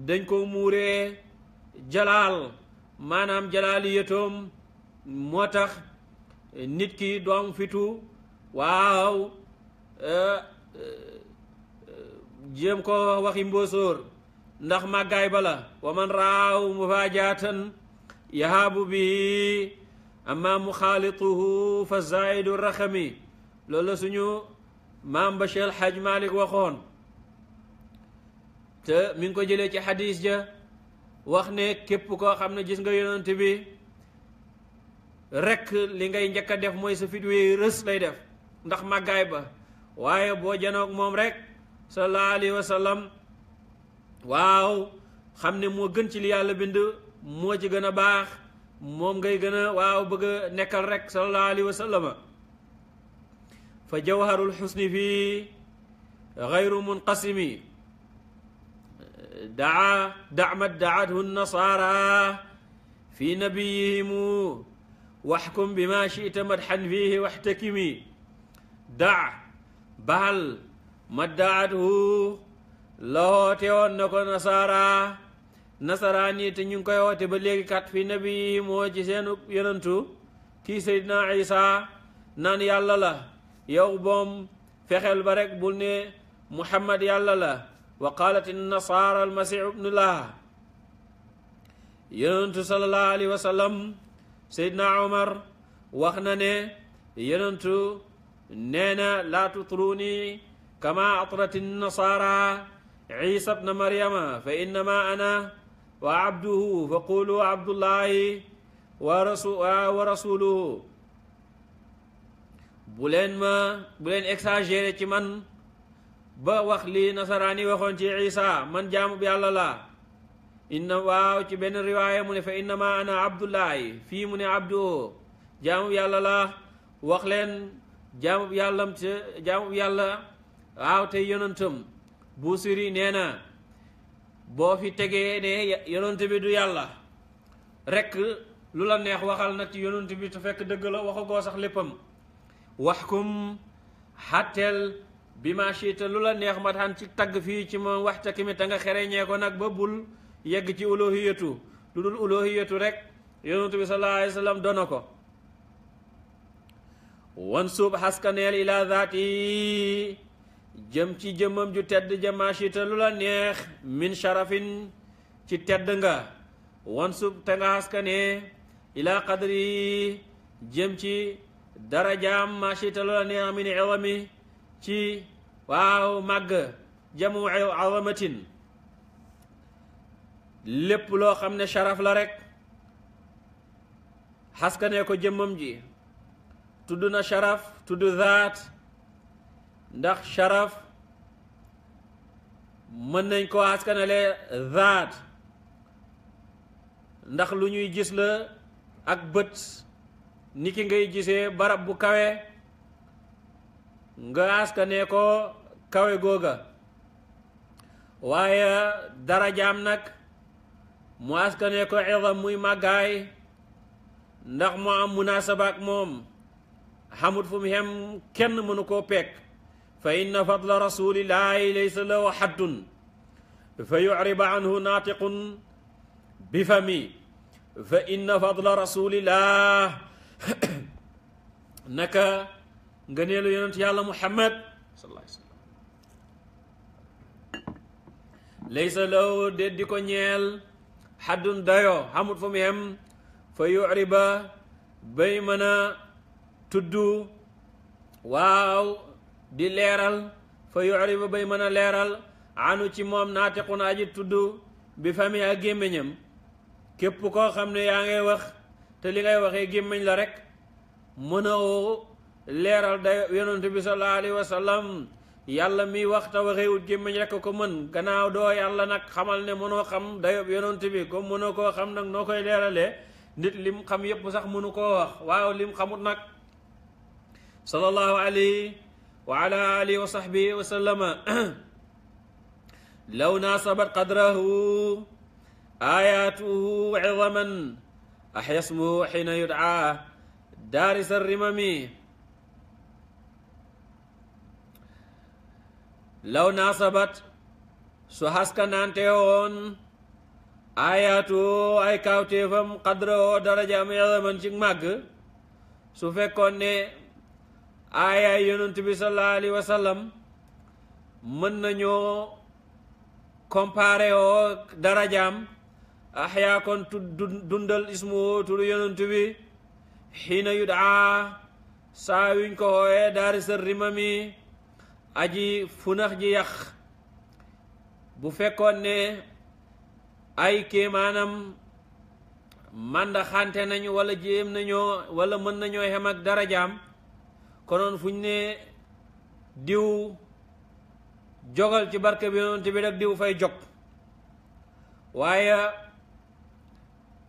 dañ ko muure jalaal maanaam jalaali moo tax nit ki doom fitu waaw euh, euh, jéem ko waxi mbóosóor ndax màggaay bala wa man raaw mufajaatan yahaabu bi amma muxaalituhu fa zaidu raxami loolu la suñu maam ba Cheikh Xaj Malik waxoon te mi ko jëlee ci xadis ja wax ne képp koo xam ne gis nga yonent bi rekk li ngay njëkk def mooy sa fit wi rës lay def ndax màggaay ba waaye boo janoog moom rek sallallahu alayhi wa waaw xam ne moo gën ci li yàlla bind moo ci gën a baax moom ngay gën a waaw bëgg a nekkal rek sallallahu alayhi wa sallama fa jawharul xusni fii gayru munqasimi daa damat daathu nasaara fi nabiyihimu waxkum bima chita madxan fiihi waxtakimi da bahal ma daathu lahoo teewoon na ko nasaara nasaraani te ñu ngi koy woote ba léegi kat fi nabi moo ci seen yonantu kii Seydina Isa naan yàlla la yow boom fexeel ba rek bul Muhammad yàlla wa qaalat nasaara almasihu ibnullah yonantu sallallahu alayhi wa sallam Seydina Omar wax na ne yonantu nee na Isa bna Maryama fa ana wa abduhu fa qulu abdullahi wa rasu wa rasuluhu bu leen ma bu leen exagéré ci man ba wax li nasaraani waxoon ci isa man jaamu bi yàlla la inna waaw ci benn riwaaya mu ne fa innama ana abdullahi fii mu ne abduhu jaamu bi yàlla la wax leen jaamu bi yàllam te jaamu bi yàlla waaw tey yonantam buusiri nee na boo fi tegee ne yonent bi du yàlla rekk lu la neex waxal nag ci yonent bi te fekk dëgg la koo sax léppam waxkum xàtteel bi ma shiita lu la neex ma daan ci tagg fii ci moom waxta ki mi te xereñee ko nag ba bul yegg ci ulohiyatu lu dul ulohiyatu rek yonent bi sallallahu alayhi wa sallam ko wan suub xaskaneel ilaa zaati jëm ci jëmmam ju tedd jamaashita lu la neex min sharafin ci tedd nga wansub te nga xaskane ila ci darajaam mashita lu la neex min iwami ci waaw màgg jamu awamatin lépp loo xam ne sharaf la rek xaskane ko jëmmam ji tudd na sharaf tudd zaat ndax sharaf mën nañ ko askanale zaat ndax lu ñuy gis la ak bët ni ki ngay gisee barab bu kawe nga askane ko kawe googa waaye darajaam nag mu askane ko idam muy màggaay ndax mu am munaasaba moom xamut fu mu xem kenn mënu koo peek fa inna fadla rasulillahi laysa lahu haddun fa yuriba anhu naatiqun bi fami fa inna fadla rasulillah [coughs] naka ngëneelu yonent yàlla muhammad sallallahu alayhi wa sallam laysa law déet di ko ñeel xaddun dayo xamut fu mu yem fa yuriba bay mën a tudd waaw di leeral fa yuribu bay mën a leeral anu ci moom naatiqun aji tudd bi fami ak gémmiñam képp koo xam ne yaa ngay wax te li ngay waxee gémmiñ la rek mën a leeral day yonent bi sallallahu alayhi wa yàlla mi wax te waxeewut gémmiñ rek ko mën gannaaw doo yàlla nag xamal ne mënoo xam dayob yonent bi comme koo xam nag noo koy leerale nit lim xam yépp sax mënu koo wax waaw lim xamut nag sallallahu alayhi wa ala alihi wa sahbihi wa sallama [clears throat] law naasabat qadrahu ayatuhu cidaman axya smuhu xiina yudcaa daarisa rimami law naasabat su haskanaanteewoon ayatuhu ay kaawteefam qadrahu darajaam cidaman ci màgg su fekkoon ne aayaay yonent bi sallallahu alayhi mën nañoo comparé oo darajaam axyaa kon dundal ismu turu yonent bi xiina yudaa saa yuñ ko hooyee daari rimami aji funax ji yàq bu fekkoon ne ay kéemaanam mandaxante nañu wala jéem nañoo wala mën nañoo xem ak darajaam konoon fu ñu ne diw jogal ci barke bi yonent bi rek diw fay jog waaye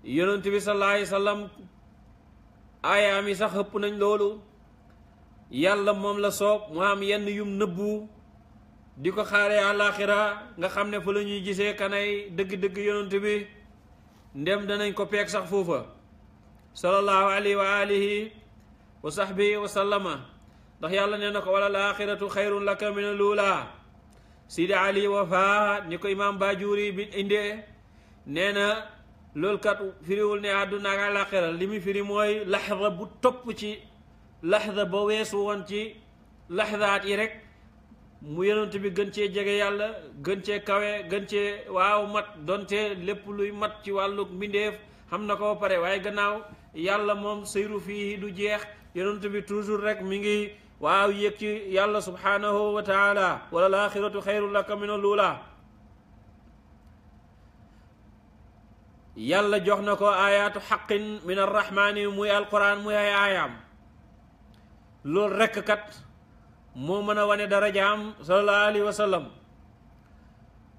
yonent bi sallallahu alayhi wasallam aayaam yi sax xëpp nañ loolu yàlla moom la soob mu am yenn yum nëbbu di ko xaare àllaaxira nga xam ne fa la ñuy gisee kanay dëgg-dëgg yonent bi ndem danañ ko peeg sax foofa sallallahu alayhi wa wa sahbihi wa sallama ndax yàlla nee na ko wala laaxiratu xayrun laka min luula sidi ali wafa ni ko imaam bajuri bi indee nee na loolu kat firiwul ne àdduna ak àllaaxira li mu firi mooy laxda bu topp ci laxda ba weesu woon ci laxdaat yi rek mu yonent bi gën cee jege yàlla gën cee kawe gën cee waaw mat donte lépp luy mat ci wàllu mbindeef xam na ko ba pare waaye gannaaw yàlla moom sayru fii du jeex yonent bi toujours rek waaw yéeg ci yàlla subhaanahu wa taala wala laaxiratu xayru luula yàlla jox na ko ayaatu xaq min arrahmaani muy alquran muy ay aayaam loolu rekk kat moo mën a wane darajaam sallallahu alayhi wa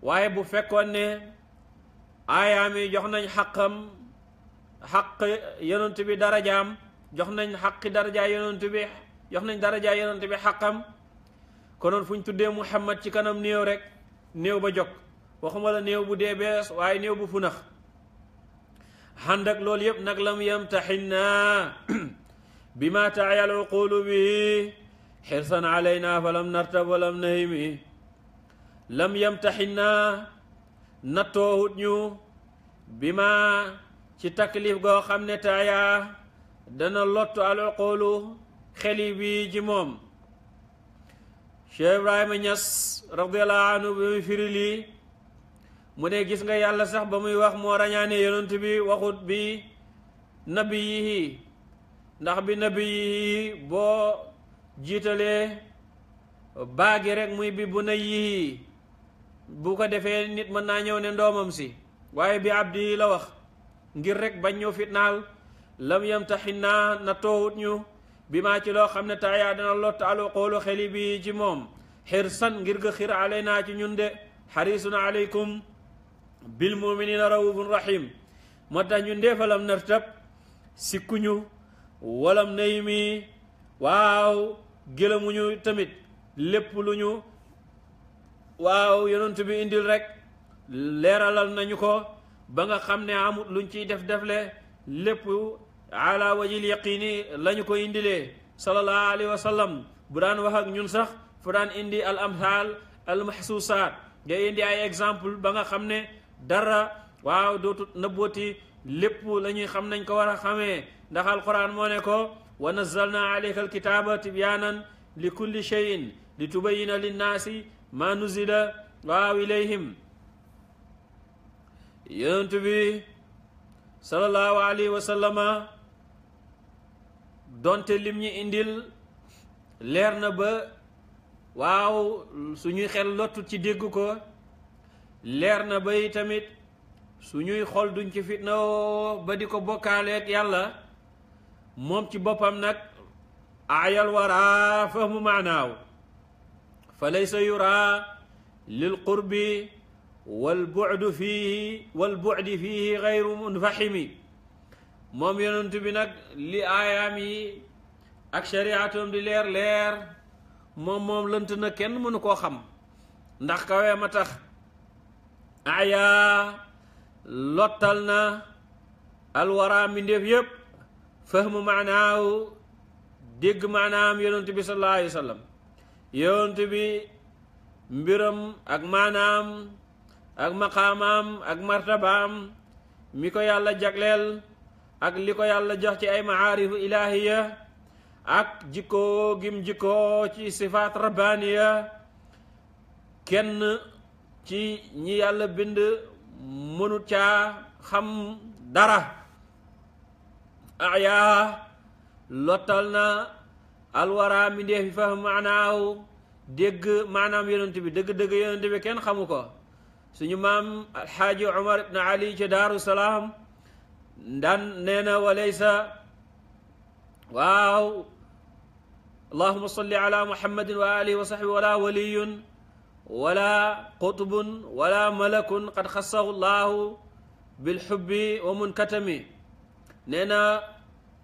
waaye bu fekkoon ne aayaam yi jox nañ xaq yonent bi darajaam jox nañ xaqi darajaay yonent bi jox nañ daraja yonante bi xaqam konoon fu ñu tuddee Muhammad ci kanam néew rek néew ba jog waxuma la néew bu dee waaye néew bu funax ànd ak loolu yëpp nag lam yamtaxin na [clears throat] bi ma taayal uqulu bi xirsan alayna fa lam nartab wa lam nahimi lam yamtaxin na nattoohut ñu bi ma ci taklif goo xam ne taaya dana lottu al uqulu xeli bi ci moom Cheikh Ibrahima Niass radiallahu anhu muy firi lii mu ne gis nga yàlla sax ba muy wax moo rañaane yonent bi waxut bi nabi yi ndax bi nabi yi boo jiitalee baagi rek muy bi bu na yi bu ko defee nit mën naa ñëw ne ndoomam si waaye bi abdi la wax ngir rek bañ ñoo fitnaal lam yam taxin naa na toowut ñu bi maa ci loo xam ne taayaa dana lott alu xoolu xeli bi ci moom xirsan ngir nga xir alay naa ci ñun de xarisun aleykum bil muminina raufun rahim moo tax ñu ndeefalam nar tab sikkuñu walam nay waaw gëlamuñu tamit lépp lu ñu waaw yonent bi indil rek leeralal nañu ko ba nga xam ne amut luñ ciy def defle lépp ala wajil yi la ñu ko indilee sallallahu alayhi wa sallam bu daan wax ak ñun sax fu daan indi al amthal al mahsusaat indi ay exemple ba nga xam ne dara waaw dootu nëbbooti lépp la ñuy xam nañ ko war a xamee ndax alquran ko wa nazzalna alayka alkitaba tibyaanan li kulli cheyin li tubayina linnaasi ma nuzila waaw ilayhim yonent alayhi wa donte lim ñu indil leer na ba waaw suñuy xel lottut ci dégg ko leer na ba tamit suñuy xol duñ ci fitna ba di ko bokkaaleeg yàlla moom ci boppam nag aayal waraa fahmu maanaaw fa laysa yuraa lil qurbi wal bu'du fiihi wal munfahimi moom yonent bi nag li aayaam yi ak shariaatoom di leer leer moom moom lënt na kenn mënu koo xam ndax kawee ma tax aayaa lottal na alwara mbindéef yépp fahmu maanaaw dégg maanaam yonent bi sallallahu alayhi wa bi mbiram ak maanaam ak maqaamaam ak martabaam mi ko yàlla jagleel ak liko yàlla jox ci ay maarifu ilaahiya ak jikko gim jikkoo ci sifaat rabbaniya kenn ci ñi yàlla bind mënu ca xam dara ayaa lottal na alwara mi ndee faham maanaaw dégg maanaam yonent bi dëgg-dëgg yonent bi kenn xamu ko suñu maam alxaaji omar ibn ali ci daaru ndan nee na walaysa waaw allahuma salli ala muhammadin wa alihi wa sahbi wala waliyun wala qutbun wala malakun qad xassahu llahu bilxubbi wa munkatami nee na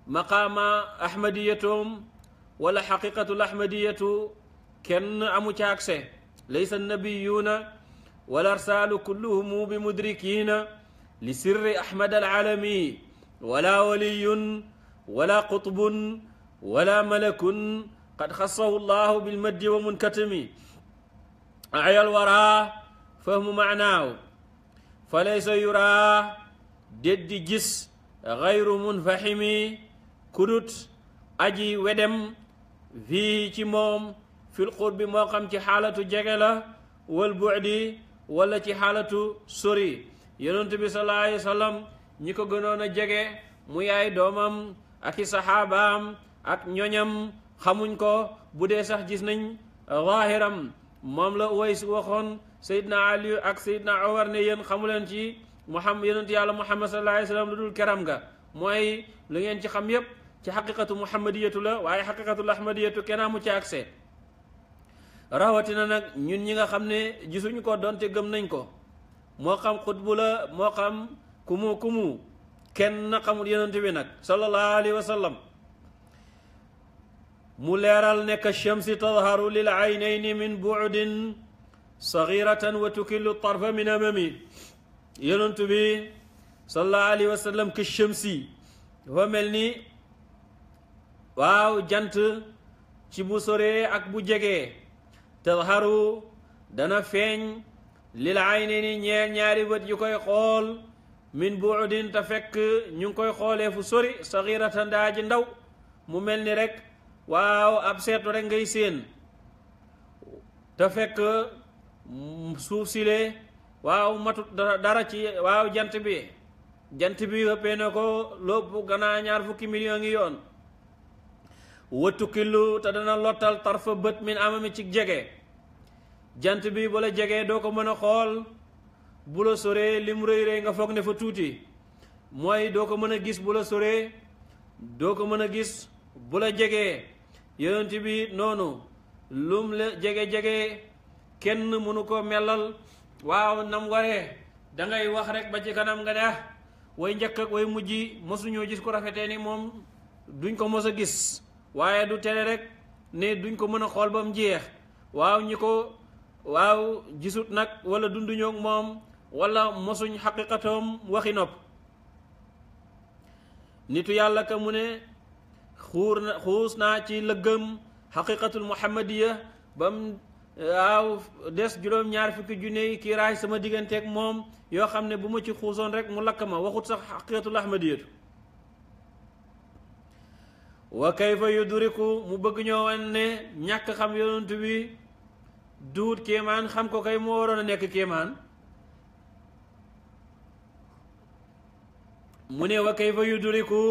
maqaama ahmadiyatoom wala xaqiqatul ahmadiyatu kenn amu ci accès laysa annabiyuuna wala arsaalu kulluhumu bi mudrikiina li sirri ahmad alaalami wala waliyun wala qutbun wala malakun qad xassahu llahu bilmaddi wa munkatimi ayal wara fahmu maanaaw falaysa yura déddi gis xayru munfahimi kudut aji wedem fii ci moom fil qurbi moo xam ci xaalatu jege la wal bu'di wala ci xaalatu sori yonent bi sallallahu alayhi wa sallam ñi ko gënoon a jege mu yaay doomam ak saxaabaam ak ñoñam xamuñ ko bu dee sax gis nañ waahiram moom la Uways waxoon Seydina Ali ak Seydina Omar ne yéen xamuleen ci Muhammad yonent yàlla Muhammad sallallahu alayhi wa sallam lu dul keram ga mooy lu ngeen ci xam yépp ci xaqiqatu muhammadiyatu la waaye xaqiqatul ahmadiyatu kenn amu ci accès rawatina nag ñun ñi nga xam ne gisuñu ko donte gëm nañ ko moo xam xutbu la moo xam kumu kumu kenn xamul yonent bi nag sallallahu alayhi wa mu leeral ne ka shamsi tadharu lil aynayni min buudin saghiratan wa tukillu tarfa min amami yonent bi sallallahu alayhi wa sallam shamsi mel ni waaw jant ci bu soree ak bu jege tadharu dana feeñ lil ayni ni ñeel ñaari wët yu koy xool min buudin te fekk ñu ngi koy xoolee fu sori saxirata ndaa ji ndaw mu mel ni rek waaw ab seetu rek ngay séen te fekk suuf silee waaw matut dara ci waaw jant bi jant bi na ko ganaa ñaar fukki million ngi yoon wëttu killu te dana lottal tarfa bët min amami ci jege jant bi bu la jegee doo ko mën a xool bu la soree lim rëy rëy nga foog ne fa tuuti mooy doo ko mën a gis bu la doo ko mën a gis bu la jegee yonent bi noonu lum la jege-jege kenn mënu ko melal waaw nam waree da ngay wax rek ba ci kanam nga ne ah way njëkk way mujj mosuñoo gis ko rafetee ni moom duñ ko mos a gis waaye du tere rek ne duñ ko mën a xool ba mu jeex waaw ñi ko waaw gisut nag wala dunduñoog moom wala mosuñ xaqiqatoom waxi nopp nit yàlla ka mu ne xuur na xuus naa ci lëggëm xaqiqatul muhammadiya bam waaw des juróom ñaar fukki junne yi kii raay sama digganteeg moom yoo xam ne bu ma ci xuusoon rek mu lakk ma waxut sax xaqiqatul ahmadiyatu wa kayfa yudriku mu bëgg ñoo wan ne ñàkk xam yonent bi duut kéemaan xam ko kay moo waroon a nekk kéemaan mu ne wa kayfa yudriku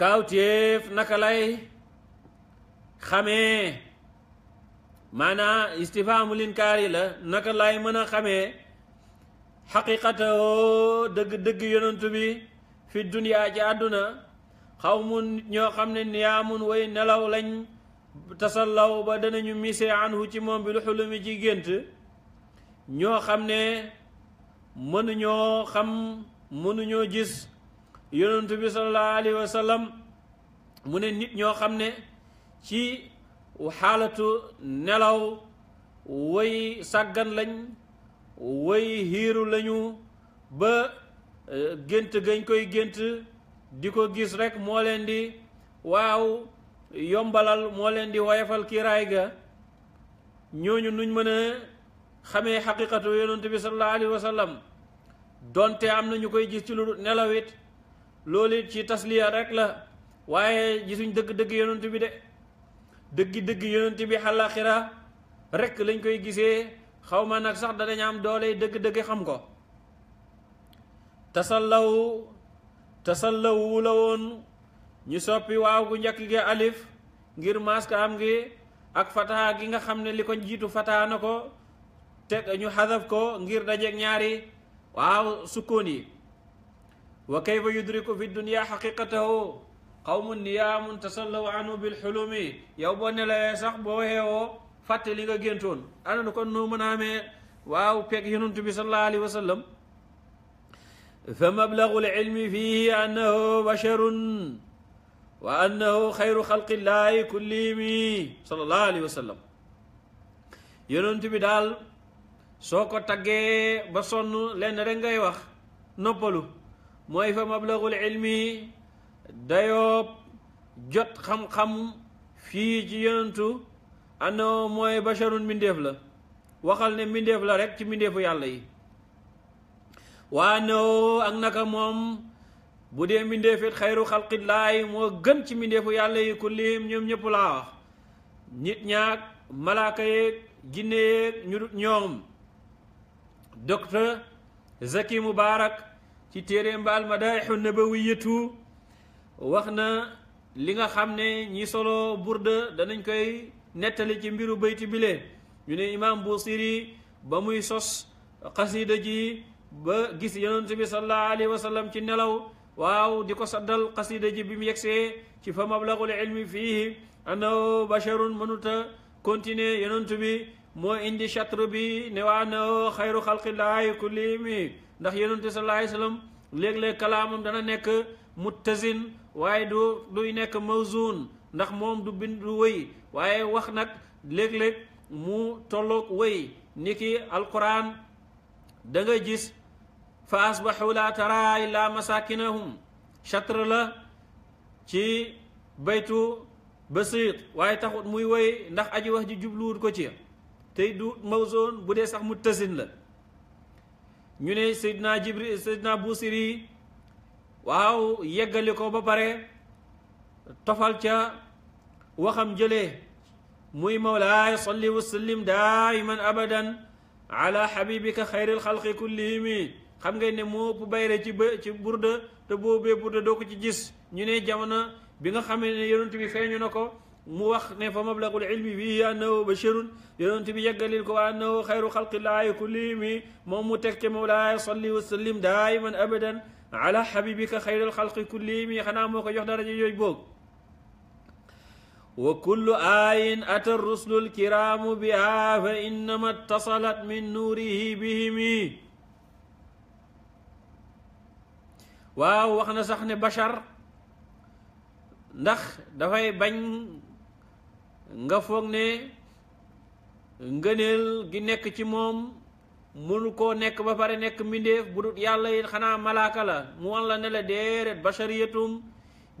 kaawteef naka lay xamee maanaam istifaamu linkaar yi la naka lay mën a xamee xaqiqatoo dëgg dëgg yonantu bi fi duniyaa ci àdduna xaw mun ñoo xam ne niyaamun way nelaw lañ tasallaaw ba danañu misee anhu ci moom bi lu xulumi ci gént ñoo xam ne mënuñoo xam mënuñoo gis yonentu bi sallallahu alayhi wa mu ne nit ñoo xam ne ci xaalatu nelaw woy sàggan lañ woy xiiru lañu ba eh, gént gañ koy gént di ko gis rek moo leen di waaw yombalal moo leen di woyafal kiiraay ga ñooñu nuñ mën a xamee xaqiqatu yonent bi sallallahu alayhi wa sallam donte am na ñu koy gis ci lu nelaw it loolu it ci tasliya rek la waaye gisuñ dëgg-dëgg yonent bi de dëgg-dëgg yonent bi xalaxira rek lañ koy gisee xaw ma nag sax danañ am doole dëgg-dëgg xam ko tasallaw tasallawu la woon ñu soppi waaw gu njëkk gi alif ngir maskaam gi ak fataha gi nga xam ne li ko jiitu fataha na ko te ñu xadaf ko ngir dajeeg ñaari waaw sukkoon yi wa kayfa yudriku fi dunia xaqiqatahu qawmun niyaamun tasallaw anhu bil xulumi yow boo nelawee sax boo xeewoo fàtte li nga géntoon ananu kon noo mën a amee bi sallallahu alayhi wa fa mablagu l annahu basharun wa annahu xayru xalqillaahi kullimi sallallahu alayhi wa sallam yonent bi daal soo ko taggee ba sonn lenn rek ngay wax noppalu mooy fa mablagul ilmi dayoob jot xam-xam fii ci yonentu annahu mooy basharun mbindeef la waxal ne mbindeef la rek ci mbindeefu yàlla yi wa annahu ak naka moom bu dee mbindeefit xayru xalqillaahi moo gën ci mbindeefu yàlla yi ku liim ñoom ñëpp laa wax nit ñaag malaaka yeeg jinne yeeg ñu ñoom docteur Zaki Mubarak ci téeréem ba almadaixu nabawiyatu wax na li nga xam ne ñi solo burda danañ koy nettali ci mbiru bayti bile ñu ne imaam Busiri ba muy sos xasida ji ba gis yonent bi sallallahu alayhi wa ci nelaw waaw di ko saddal xasida ji bi mu yegsee ci fa mablagul ilmi fiihi annahu basharun mënuta continuer yonent bi moo indi chatre bi ne waa annahu xayru xalqillaahi kullihimi ndax yonent bi sallallahu alayhi wasallam léeg-léeg kalaamam dana nekk muttasin waaye du duy nekk mawzuun ndax moom du bind du wëy waaye wax nag léeg-léeg mu tolloog wëy ni ki alquran da nga gis fa asbaxu laa tara illaa masakinahum chatre la ci baytu basit waaye taxut muy woy ndax aji wax ji jubluwut ko ci tey du mawzoon bu dee sax mu tasin la ñu ne Seydina Jibril Seydina Busiri waaw yeggali ko ba pare tofal ca waxam jëlee muy mawlaay salli wa sallim daiman abadan ala xabibika xayril xalqi kullihimi xam nga ne moo ëpp bayre ci ba ci burda te boobee burda doo ko ci gis ñu ne jamono bi nga xamee ne yonent bi feeñu na ko mu wax ne fa mablagul ilmi fihi annahu basharun yonent bi yeggalil ko wa annahu xayru xalqillaahi kullihim moom mu teg ca mawlaaya salli wa sallim daayiman abadan ala xabibika xayril xalqi kullihim xanaa moo ko jox daraja yooyu boog wa kullu aayin ata rusulu lkiraamu bihaa fa innama tasalat min nuurihi bihimi waaw wax na sax ne bachar ndax dafay bañ nga foog ne ngëneel gi nekk ci moom mënu koo nekk ba pare nekk mbindeef bu dul yàlla it xanaa malaaka la mu wan la ne la déedéet bachariyatum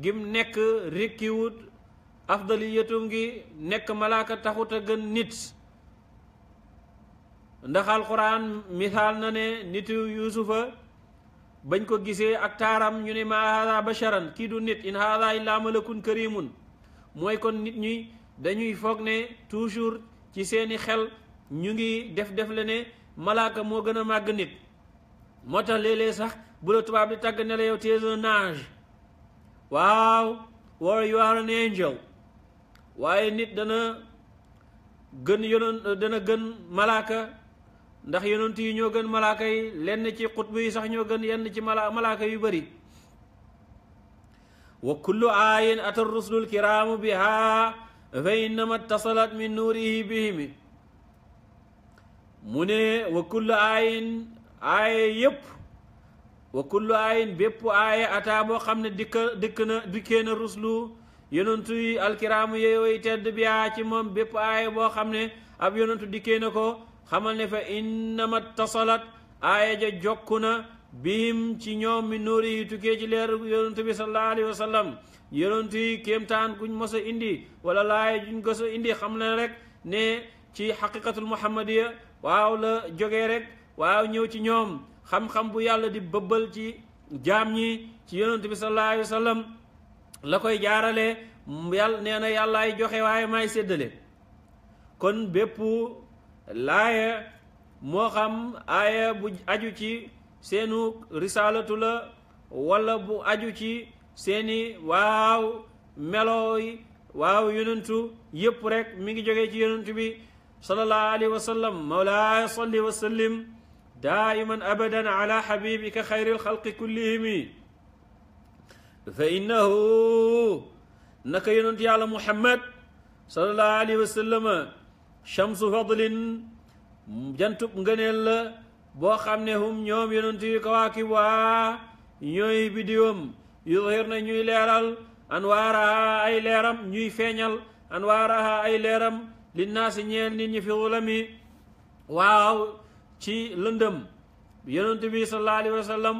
gim nekk rikkiwut afdaliyatum gi nekk malaaka taxut a gën nit ndax alquran misaal na ne nitu yusufa bañ ko gisee ak taaram ñu ne ma haada basharan kii du nit in haada illa malakun mooy kon nit ñi dañuy foog ne toujours ci seeni xel ñu ngi def def le ne malaaka moo gën a màgg nit moo tax léeg-léeg sax bu la tubaab di tàgg ne la yow t'es un waaw war you are an angel waaye nit dana gën yonoon dana gën malaaka ndax yonent yi ñoo gën malaaka yi lenn ci xutb yi sax ñoo gën yenn ci mala malaaka yu bari wa kullu aayin ata rusulul kiraamu biha fa innama tasalat min nuurihi bihimi mu ne wa kullu aayin aaya yépp wa kullu aayin bépp aaya ata boo xam ne dikka dikk na ruslu yonentu yi alkiraamu yooyu tedd biha ci moom bépp aaya boo xam ne ab yonentu dikkee na ko xamal ne fa innama tasalat aaya ja jokku na bihim ci ñoom mi nuuri yi tukkee ci leer yonent bi sallallahu alayhi wa sallam yonent yi kéemtaan guñ mos indi wala laaya juñ gës indi xam na rek ne ci xaqiqatul muhammadiya waaw la jógee rek waaw ñëw ci ñoom xam-xam bu yàlla di bëbbal ci jaam ñi ci yonent bi sallallahu alayhi wa la koy jaarale yàlla nee na yàllaay joxe waaye maay séddale kon bépp laaya moo xam aaya bu aju ci seenu risaalatu la wala bu aju ci seeni waaw meloo yi waaw yonentu yëpp rek mi ngi jógee ci yonentu bi sallallahu alayhi wa sallam mawlaaya salli wa sallim daa'iman abadan ala xabibika xayril xalqi kullihimi fa innahu naka yonentu yàlla muhammad sallallahu alayhi wa sallama shamsu fadlin jantub ngëneel boo xam ne hum ñoom yonent yi kawaakib waa ñooy bidiwam yuzhir na ñuy leeral anwaaraha ay leeram ñuy feeñal anwaaraha ay leeram linnaasi ñeel nit ñi fi zulami waaw ci lëndëm yonent bi sallallahu alayhi wa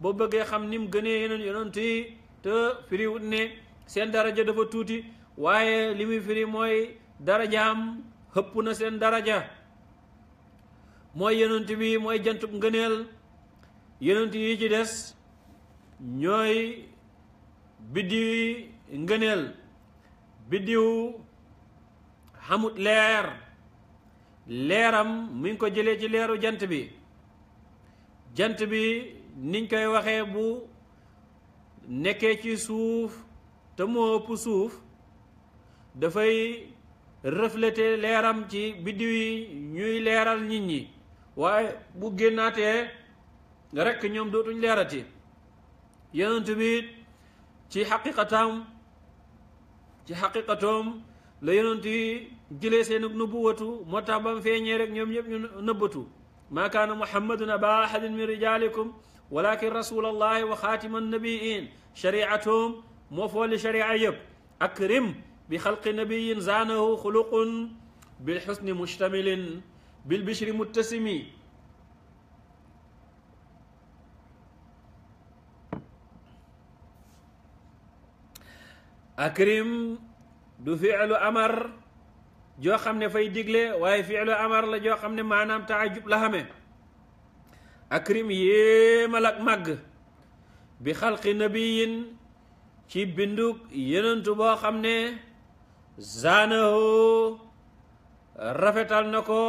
boo bëggee xam ni mu gënee yeneen yi te firiwut ne seen daraja dafa tuuti waaye li muy firi mooy darajaam xëpp na seen daraja mooy yonent bi mooy jantub ngëneel yonent yi ci des ñooy biddiw ngëneel biddiw xamut leer leeram mi ngi ko jëlee ci leeru jant bi jant bi niñ koy waxee bu nekkee ci suuf te moo ëpp suuf dafay reflété leeram ci biddiw yi ñuy leeral nit ñi waaye bu génnaatee rekk ñoom dootuñ leerati yonent bi ci xaqiqatam ci xaqiqatoom la yonent yi jëlee seen nubuwatu moo tax bam ñoom ñëpp ñu nëbbatu maa kaana muhammadun aba ahadin min rijalikum walakin rasul wa xaatima annabiin shariatum moo fooli sharia yëpp ak bi xalqi nabiyin zaanahu xuluqun bil xusni mustamilin bil bishri muttasimi akrim du fiilu amar joo xam ne fay digle waaye fiilu amar la joo xam ne maanaam taajub la xame akrim yéemal ak màgg bi xalqi nabiyin ci bindug yenentu boo xam ne zaanahu rafetal na ko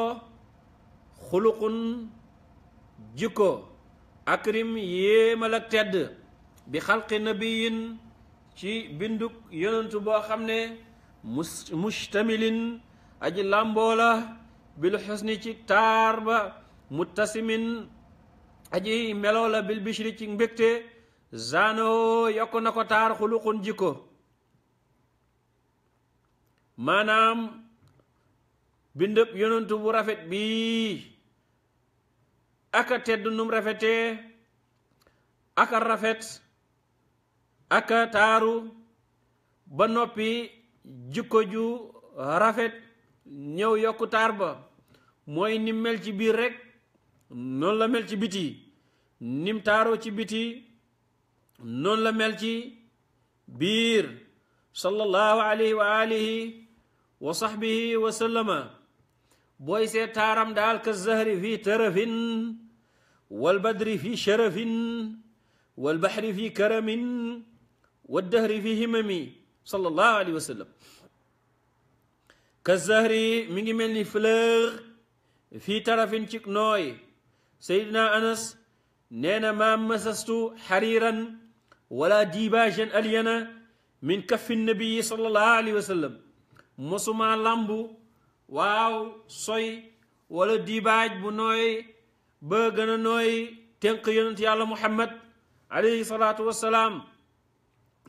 xuluqun jikko akrim yéemal tedd bi xalqi nabiyin ci binduk yonentu boo xam ne mus mustamilin aji làmboola bil xusni ci taar ba muttasimin aji meloo bil bishri ci mbégte zaanoo yokk na ko taar xuluqun jikko maanaam bindëb yonentu bu rafet bii aka tedd num rafetee aka rafet aka taaru ba noppi jikko ju rafet ñëw yokku taar ba mooy nim mel ci biir rekk noonu la mel ci biti nim taaroo ci biti noonu la mel ci biir sallallahu alayhi wa alihi wa sahbihi wa sallama booy seet taaram daal ka zahri fi tarafin wal badri fi sharafin wal bahri fi karamin wal dahri fi himami sallallahu alayhi wa sallam ka zahri mi ngi mel ni fleur fii tarafin ci nooy Seydina Anas nee na maa masastu xariiran wala dibagen alyana min kaffi nabii sallallahu alayhi wa sallam mosuma lambu waaw soy walla dibaaj bu nooy ba gën a nooy tënk yonent yàlla muhammad alayhi salaatu wassalaam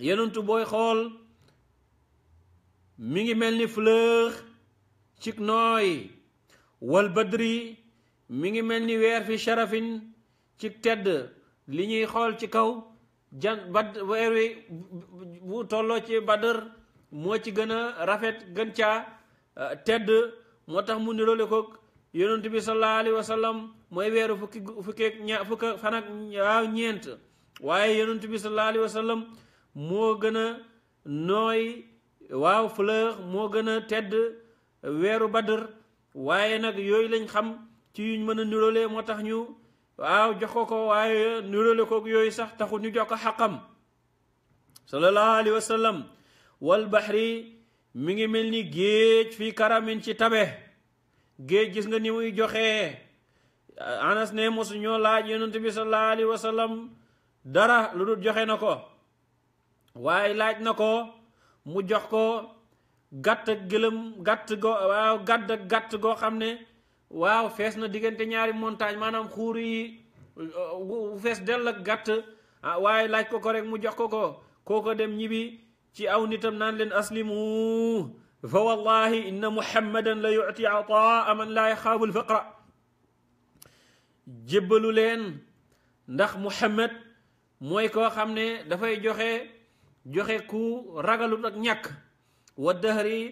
yenentu booy xool mu ngi mel ni fleur cig nooy wal badri mi ngi mel ni weer fi sharafin ci tedd li ñuy xool ci kaw jan bad weer wi bu tolloo ci badr moo ci gën a rafet gën caa euh, tedd moo tax mu niroole ko yonent bi sallallahu alayhi wa sallam mooy weeru fukki fukkeeg ña fukka fan ak waaw ñeent waaye yonent bi sallallahu alayhi moo gën a nooy waaw fleur moo gën a tedd weeru badr waaye nag yooyu lañ xam ci yuñ mën a niroole moo tax ñu waaw jox ko ko waaye niroole ko yooyu sax taxu ñu jox ko xaqam sallallahu alayhi wal baxri mu ngi mel ni géej fii karamin ci tabe géej gis nga ni muy joxe anas ne mosu ñoo laaj yonent bi sallallahu alayhi wa dara lu dul joxe na ko waaye laaj na ko mu jox ko gàtt ak gëlëm gàtt go waaw gàdd ak gàtt goo xam ne waaw fees na diggante ñaari montagne maanaam xuur yi uh, fees dell ak gàtt ah, waaye laaj ko ko rek mu jox ko ko kooko dem ñibi ci aw nitam naan leen aslimu fa wallahi inna muhammadan la yuti ataa man laa yaxaabul faqra jébbalu leen ndax muhammad mooy ko xam ne dafay joxe joxe ku ragalu ak ñàkk wa dahri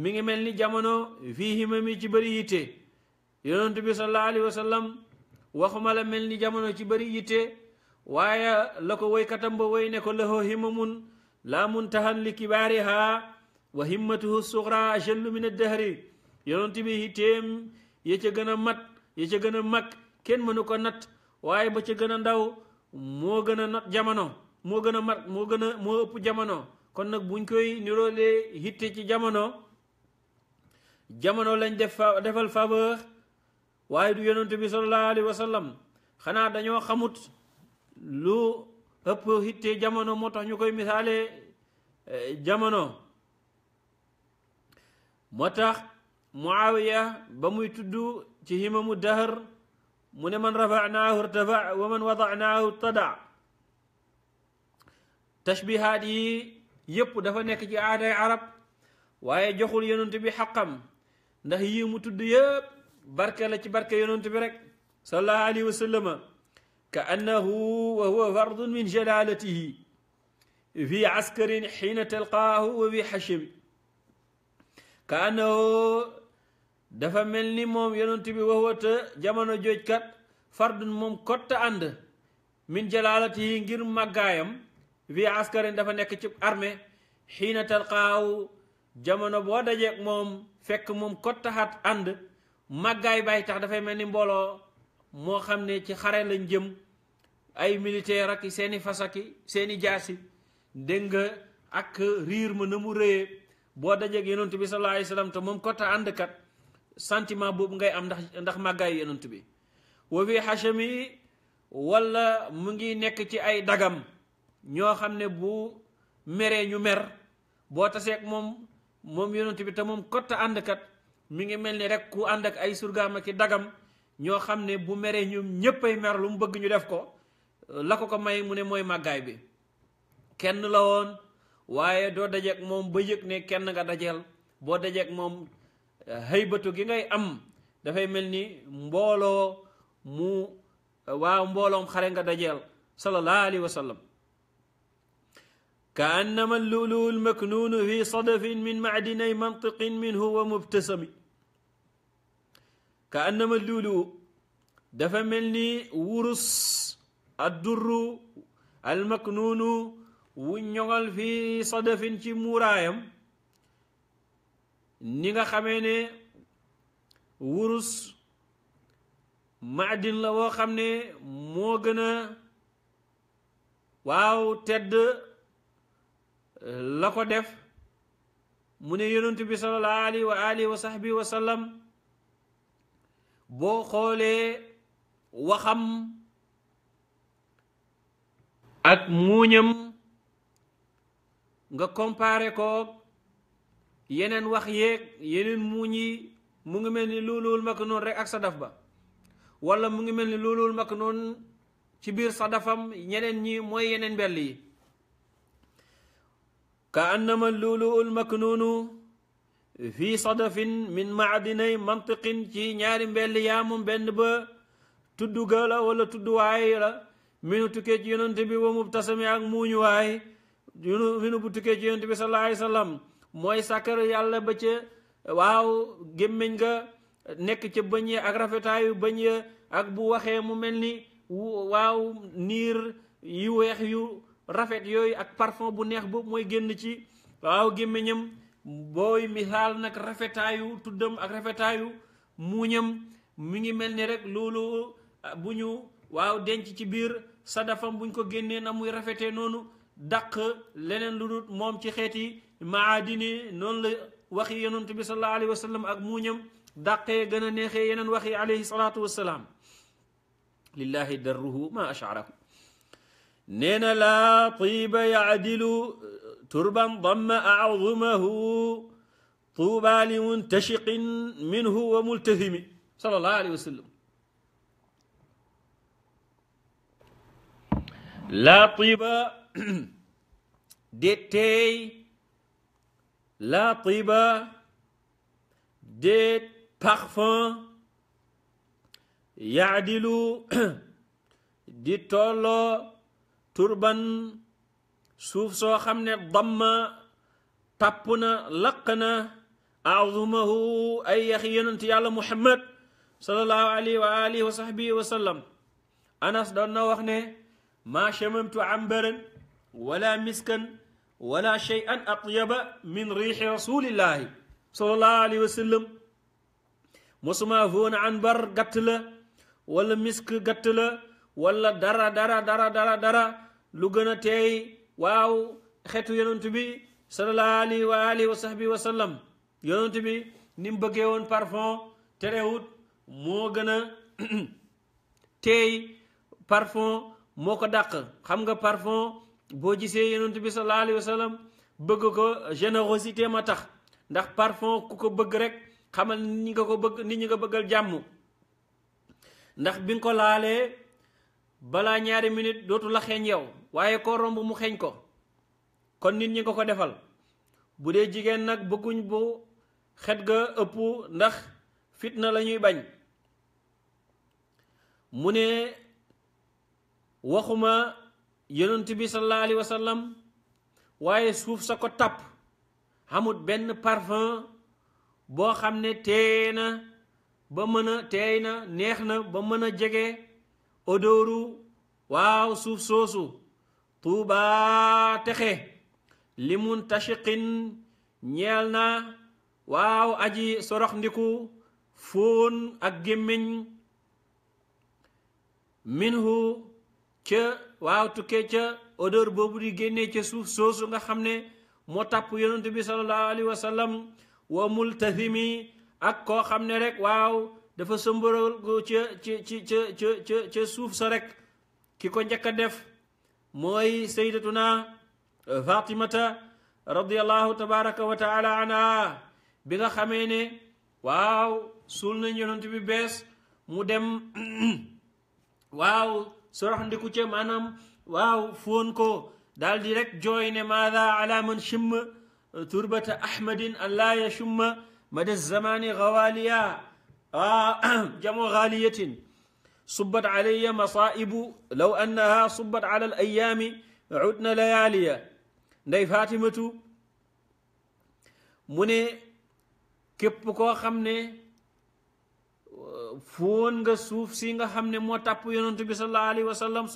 mi ngi mel ni jamono fii himami ci bëri yitte yonentu bi sallallahu alayhi wa sallam waxuma la mel ni jamono ci bëri yitte waaye la ko woykatam ba woy ne ko lahoo himamun laa muntahan li kibaariha wa himmatuhu suxra ajallu min addahri yonent bi itéem ya ca gën a mat ya ca gën a mag kenn mënu ko nat waaye ba ca gën a ndaw moo gën a nat jamono moo gën a mat moo gën a moo ëpp jamono kon nag buñ koy niroole hitte ci jamono jamono lañ def defal faveur waaye du yonent bi sallallahu alayhi wa xanaa dañoo xamut lu ëpp hitte jamono moo tax ñu koy misaale e, jamono moo tax muawiya ba muy tudd ci himamu dahr mu ne man rafanaahu irtafa wa man wadanaahu tada tashbihaat yi yëpp dafa nekk ci aaday arab waaye joxul yenoon bi xaqam ndax yii mu tudd yëpp barke la ci barke yonent bi rek sallallahu alayhi wa sallama ka annahu wa huwa fardun min jalalatihi fi askarin xiina talqaahu wa fi xashami ka dafa mel ni moom yonent bi wa huwa te jamono joojkat fardun moom kotta ànd min jalalatihi ngir màggaayam wi askarin dafa nekk ci armée xiina talqaahu jamono boo dajeeg moom fekk moom kottaxat ànd màggaay bay tax dafay mel ni mbooloo moo xam ne ci xare lañ jëm ay militaire ak seeni fasaki seeni jaasi dégg nga ak riir ma na mu rëyee boo dajeeg yonent bi sallallahu alayhi te moom kota àndkat sentiment boobu ngay am ndax ndax màggaayu yonent bi wa fi mu ngi nekk ci ay dagam ñoo xam ne bu meree ñu mer boo taseeg moom moom yonent bi te moom kota àndkat mi ngi mel ni rek ku ànd ak ay surgaam ak dagam ñoo xam ne bu meree ñoom ñéppay mer lu mu bëgg ñu def ko la ko ko may mu ne mooy màggaay bi kenn la woon waaye doo dajeek moom ba yëg ne kenn nga dajeel boo dajeek moom xëybatu eh, gi ngay am dafay mel ni mbooloo mu waaw mbooloom xare nga dajeel sallallahu alayhi wa sallam ka annama luluul maknuunu fi sadafin min maadinay mantiqin minhu wa mubtasami ka annama dafa mel ni wurus addurru almaknuunu wu ñoŋal fi sadafin ci muuraayam ni nga xamee ne wurus maadin la woo xam ne moo gën a waaw tedd la ko def mu ne yonent bi sallallahu wa alihi wa sahbihi wa boo xoolee waxam ak muuñam nga comparé ko yeneen wax yeeg yeneen muuñ mu ngi mel ni luuluwul mak noonu rek ak sa daf ba walla mu ngi mel ni luuluwul mak noonu ci biir sadafam ñeneen ñi mooy yeneen mbel yi ka annama luuluwul mak noonu fii sadafin min maadinay mantiqin ci ñaari mbell yaamum benn ba tudduga la wala tudduwaay la minu tukkee ci yonent bi wa mubtasami ak muuñuwaay minu bu tukkee ci yonent bi sallallahu alayhi mooy sàkkar yàlla ba ca waaw gémmiñ nga nekk ca bëñ ya ak rafetaayu bëñ ya ak bu waxee mu mel ni waaw niir yu weex yu rafet yooyu ak parfum bu neex boobu mooy génn ci waaw gémmiñam booy misaal nag rafetaayu tuddam ak rafetaayu muuñam mu ngi mel ni rek loolu ah, bu ñu waaw denc ci biir sadafam buñ ko génnee na muy rafetee noonu dàq leneen lu dul moom ci xeeti maadini noonu la waxi yonent bi sallallahu alayhi wa sallam ak muuñam dàqee gën a neexee yeneen waxi alayhi salaatu wassalaam lillahi darruhu ma asharahu nee laa tiiba yaadilu تربا ضم أعظمه طوبى لمنتشق منه وملتهم صلى الله عليه وسلم laa tiiba déet teey laa tiiba déet parfum yaadilu [clears throat] di tolloo turban suuf soo xam ne damma tàpp na laq na azumahu ay yaxi yonent yàlla muhammad sallallahu alayhi wa alihi wa sahbihi wa sallam anas doon na wax ne maa chamamtu ambaran wala miskan wala cheyan atyaba min riixi rasulillahi sallallahu alayhi wa sallam mosuma foon anbar gatt la wala misk gatt la wala dara dara dara dara dara lu gën a teey waaw xeetu yonentu bi sallallahu alayhi wa alihi wa sahbi wa sallam bi ni mu bëggee woon parfum terewut moo gën a [clears throat] teey parfum moo ko dàq xam nga parfum boo gisee yonentu bi sallallahu alayhi wa bëgg ko générosité ma tax ndax parfum ku ko bëgg rek xamal nit nga ko bëgg ni ñi nga bëggal jàmm ndax bi ko laalee balaa ñaari minute dootu la xeeñ yow waaye koo romb mu xeeñ ko kon nit ñi nga ko defal bu dee jigéen nag bëgguñ bu xet ga ëpp ndax fitna la ñuy bañ mu ne waxuma yonent bi sallallahu alayhi wa sallam waaye suuf sa ko tàpp xamut benn parfum boo xam ne teey na ba mën a teey na neex na ba mën a jege odoru waaw suuf soosu tuubaa texe li mun tashiqin na waaw aji sorox ndiku fóon ak gémmiñ minhu ca waaw tukkee ca odeur boobu di génnee ca suuf soosu nga xam ne moo tàpp yonent bi sallallahu alayhi wa sallam wa multahimi ak koo xam ne rek waaw dafa sëmbaral ko ca ca suuf sarek rek ki ko njëkk def mooy sayyidatuna fatimata radiallahu tabaraka wa taala anha bi nga xamee ne waaw suul nañ yonent bi bees mu dem [clears throat] waaw soroxndiku ca maanaam waaw fóon ko daal di rek jooy maada ala man chimma turbata ahmadin an laa yachumma mada zamani gawaliya jamu xaaliyatin subbat alayya masaibu law annaha subbat ala al ayaami udna layaaliya ndey mu ne képp ko xam ne foon nga suuf si nga xam ne moo tàpp yonantu bi sallallahu alayhi wa sallam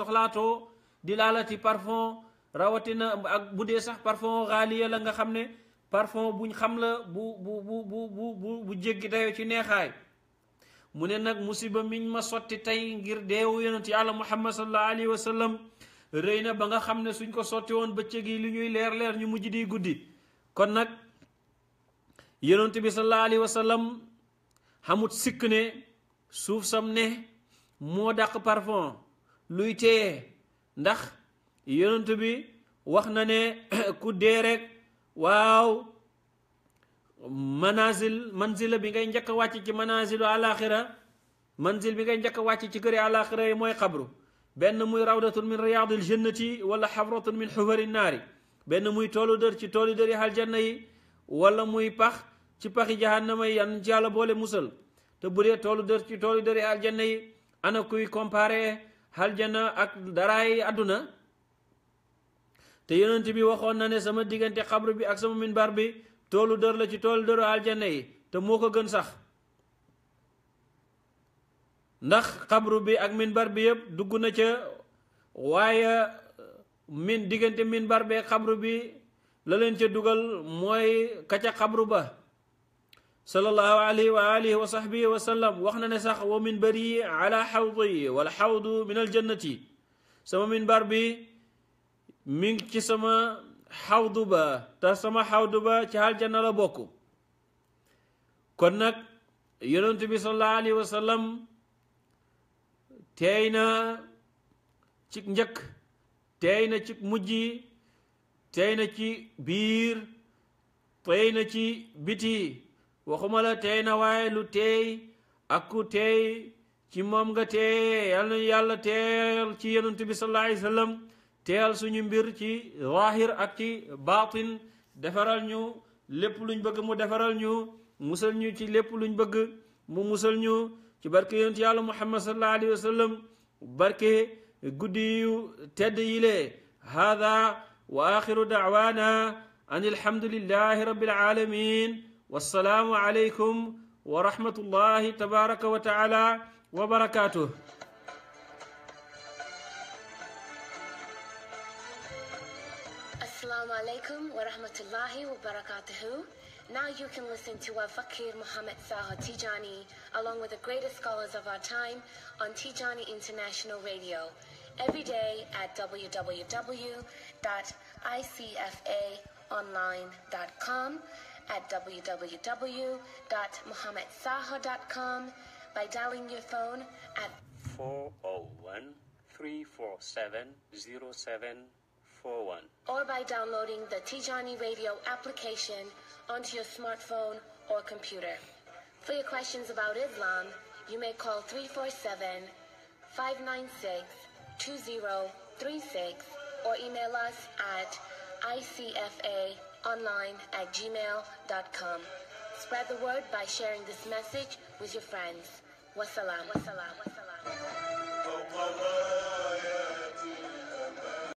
di laalati parfum rawatina ak bu dee sax parfum xaaliya la nga xam ne parfum buñ xam la bu bu bu ci neexaay mu ne nag musiba miñ ma sotti tey ngir deewu yonent yàlla muhammad sallallahu alayhi wa sallam rëy na ba nga xam ne suñ ko sotti woon bëccëg yi li ñuy leer leer ñu mujj di guddi kon nag yonent bi sallallahu alayhi wa sallam xamut sikk ne suuf sam ne moo dàq parfum luy téye ndax yonent bi wax na ne [coughs] ku dee rek waaw manazil manzila bi ngay njëkk wàcc ci manazilu alaxira manzil bi ngay njëkk wàcc ci këri alaxira yi mooy xabru benn muy rawdatun min riyadil jannati wala xabratun min xufari naari benn muy toolu dër ci toolu dër yi aljanna yi wala muy pax ci paxi jahannama yi yan ci yàlla boole musal te bu dee toolu dër ci toolu dër yi aljanna yi ana kuy comparé aljanna ak daraay àdduna te yeneen yonent bi waxoon na ne sama diggante xabru bi ak sama minbar bi toolu dër la ci toolu dëru aljanna yi te moo ko gën sax ndax xabru bi ak minbar bi yëpp dugg na ca waaye uh, min diggante minbar bi ak xabru bi la leen ca dugal mooy kaca xabru ba sallallahu alayhi wa alihi wa sahbihi wa sallam wax na ne sax wa minbari ala xawdi yi wala xawdu min aljannati sama minbar bi mi ci sama xawdu ba te sama xawdu ba ci aljanna la bokk kon nag yonent bi sallallahu alayhi wa sallam na ci njëkk tey na ci mujj teey na ci biir teey na ci biti waxumala la na waaye lu teey ak ci moom nga teey yal na yàlla teel ci yonent bi sallallahu alayhi wa teel suñu mbir ci zahir ak ci baatin defaral ñu lépp luñ bëgg mu defaral ñu musal ñu ci lépp luñ bëgg mu musal ñu ci barke yonent yàlla muhammad sallallahu alayhi wa sallam barke guddi yu tedd yilee hada wa axiru daawaana an alhamdulillahi rabbil alamin wassalaamu alaykum wa rahmatullahi tabaraka wa taala wa barakatuh alaikum wa rahmatullahi wa barakatuhu. Now you can listen to our Fakir Muhammad Saha Tijani along with the greatest scholars of our time on Tijani International Radio every day at www.icfaonline.com, at www.muhammadsaha.com, by dialing your phone at 401 347 07 841. Or by downloading the Tijani Radio application onto your smartphone or computer. For your questions about Islam, you may call 347 596 2036 or email us at icfaonline at gmail.com. Spread the word by sharing this message with your friends. Wassalam. Wassalam.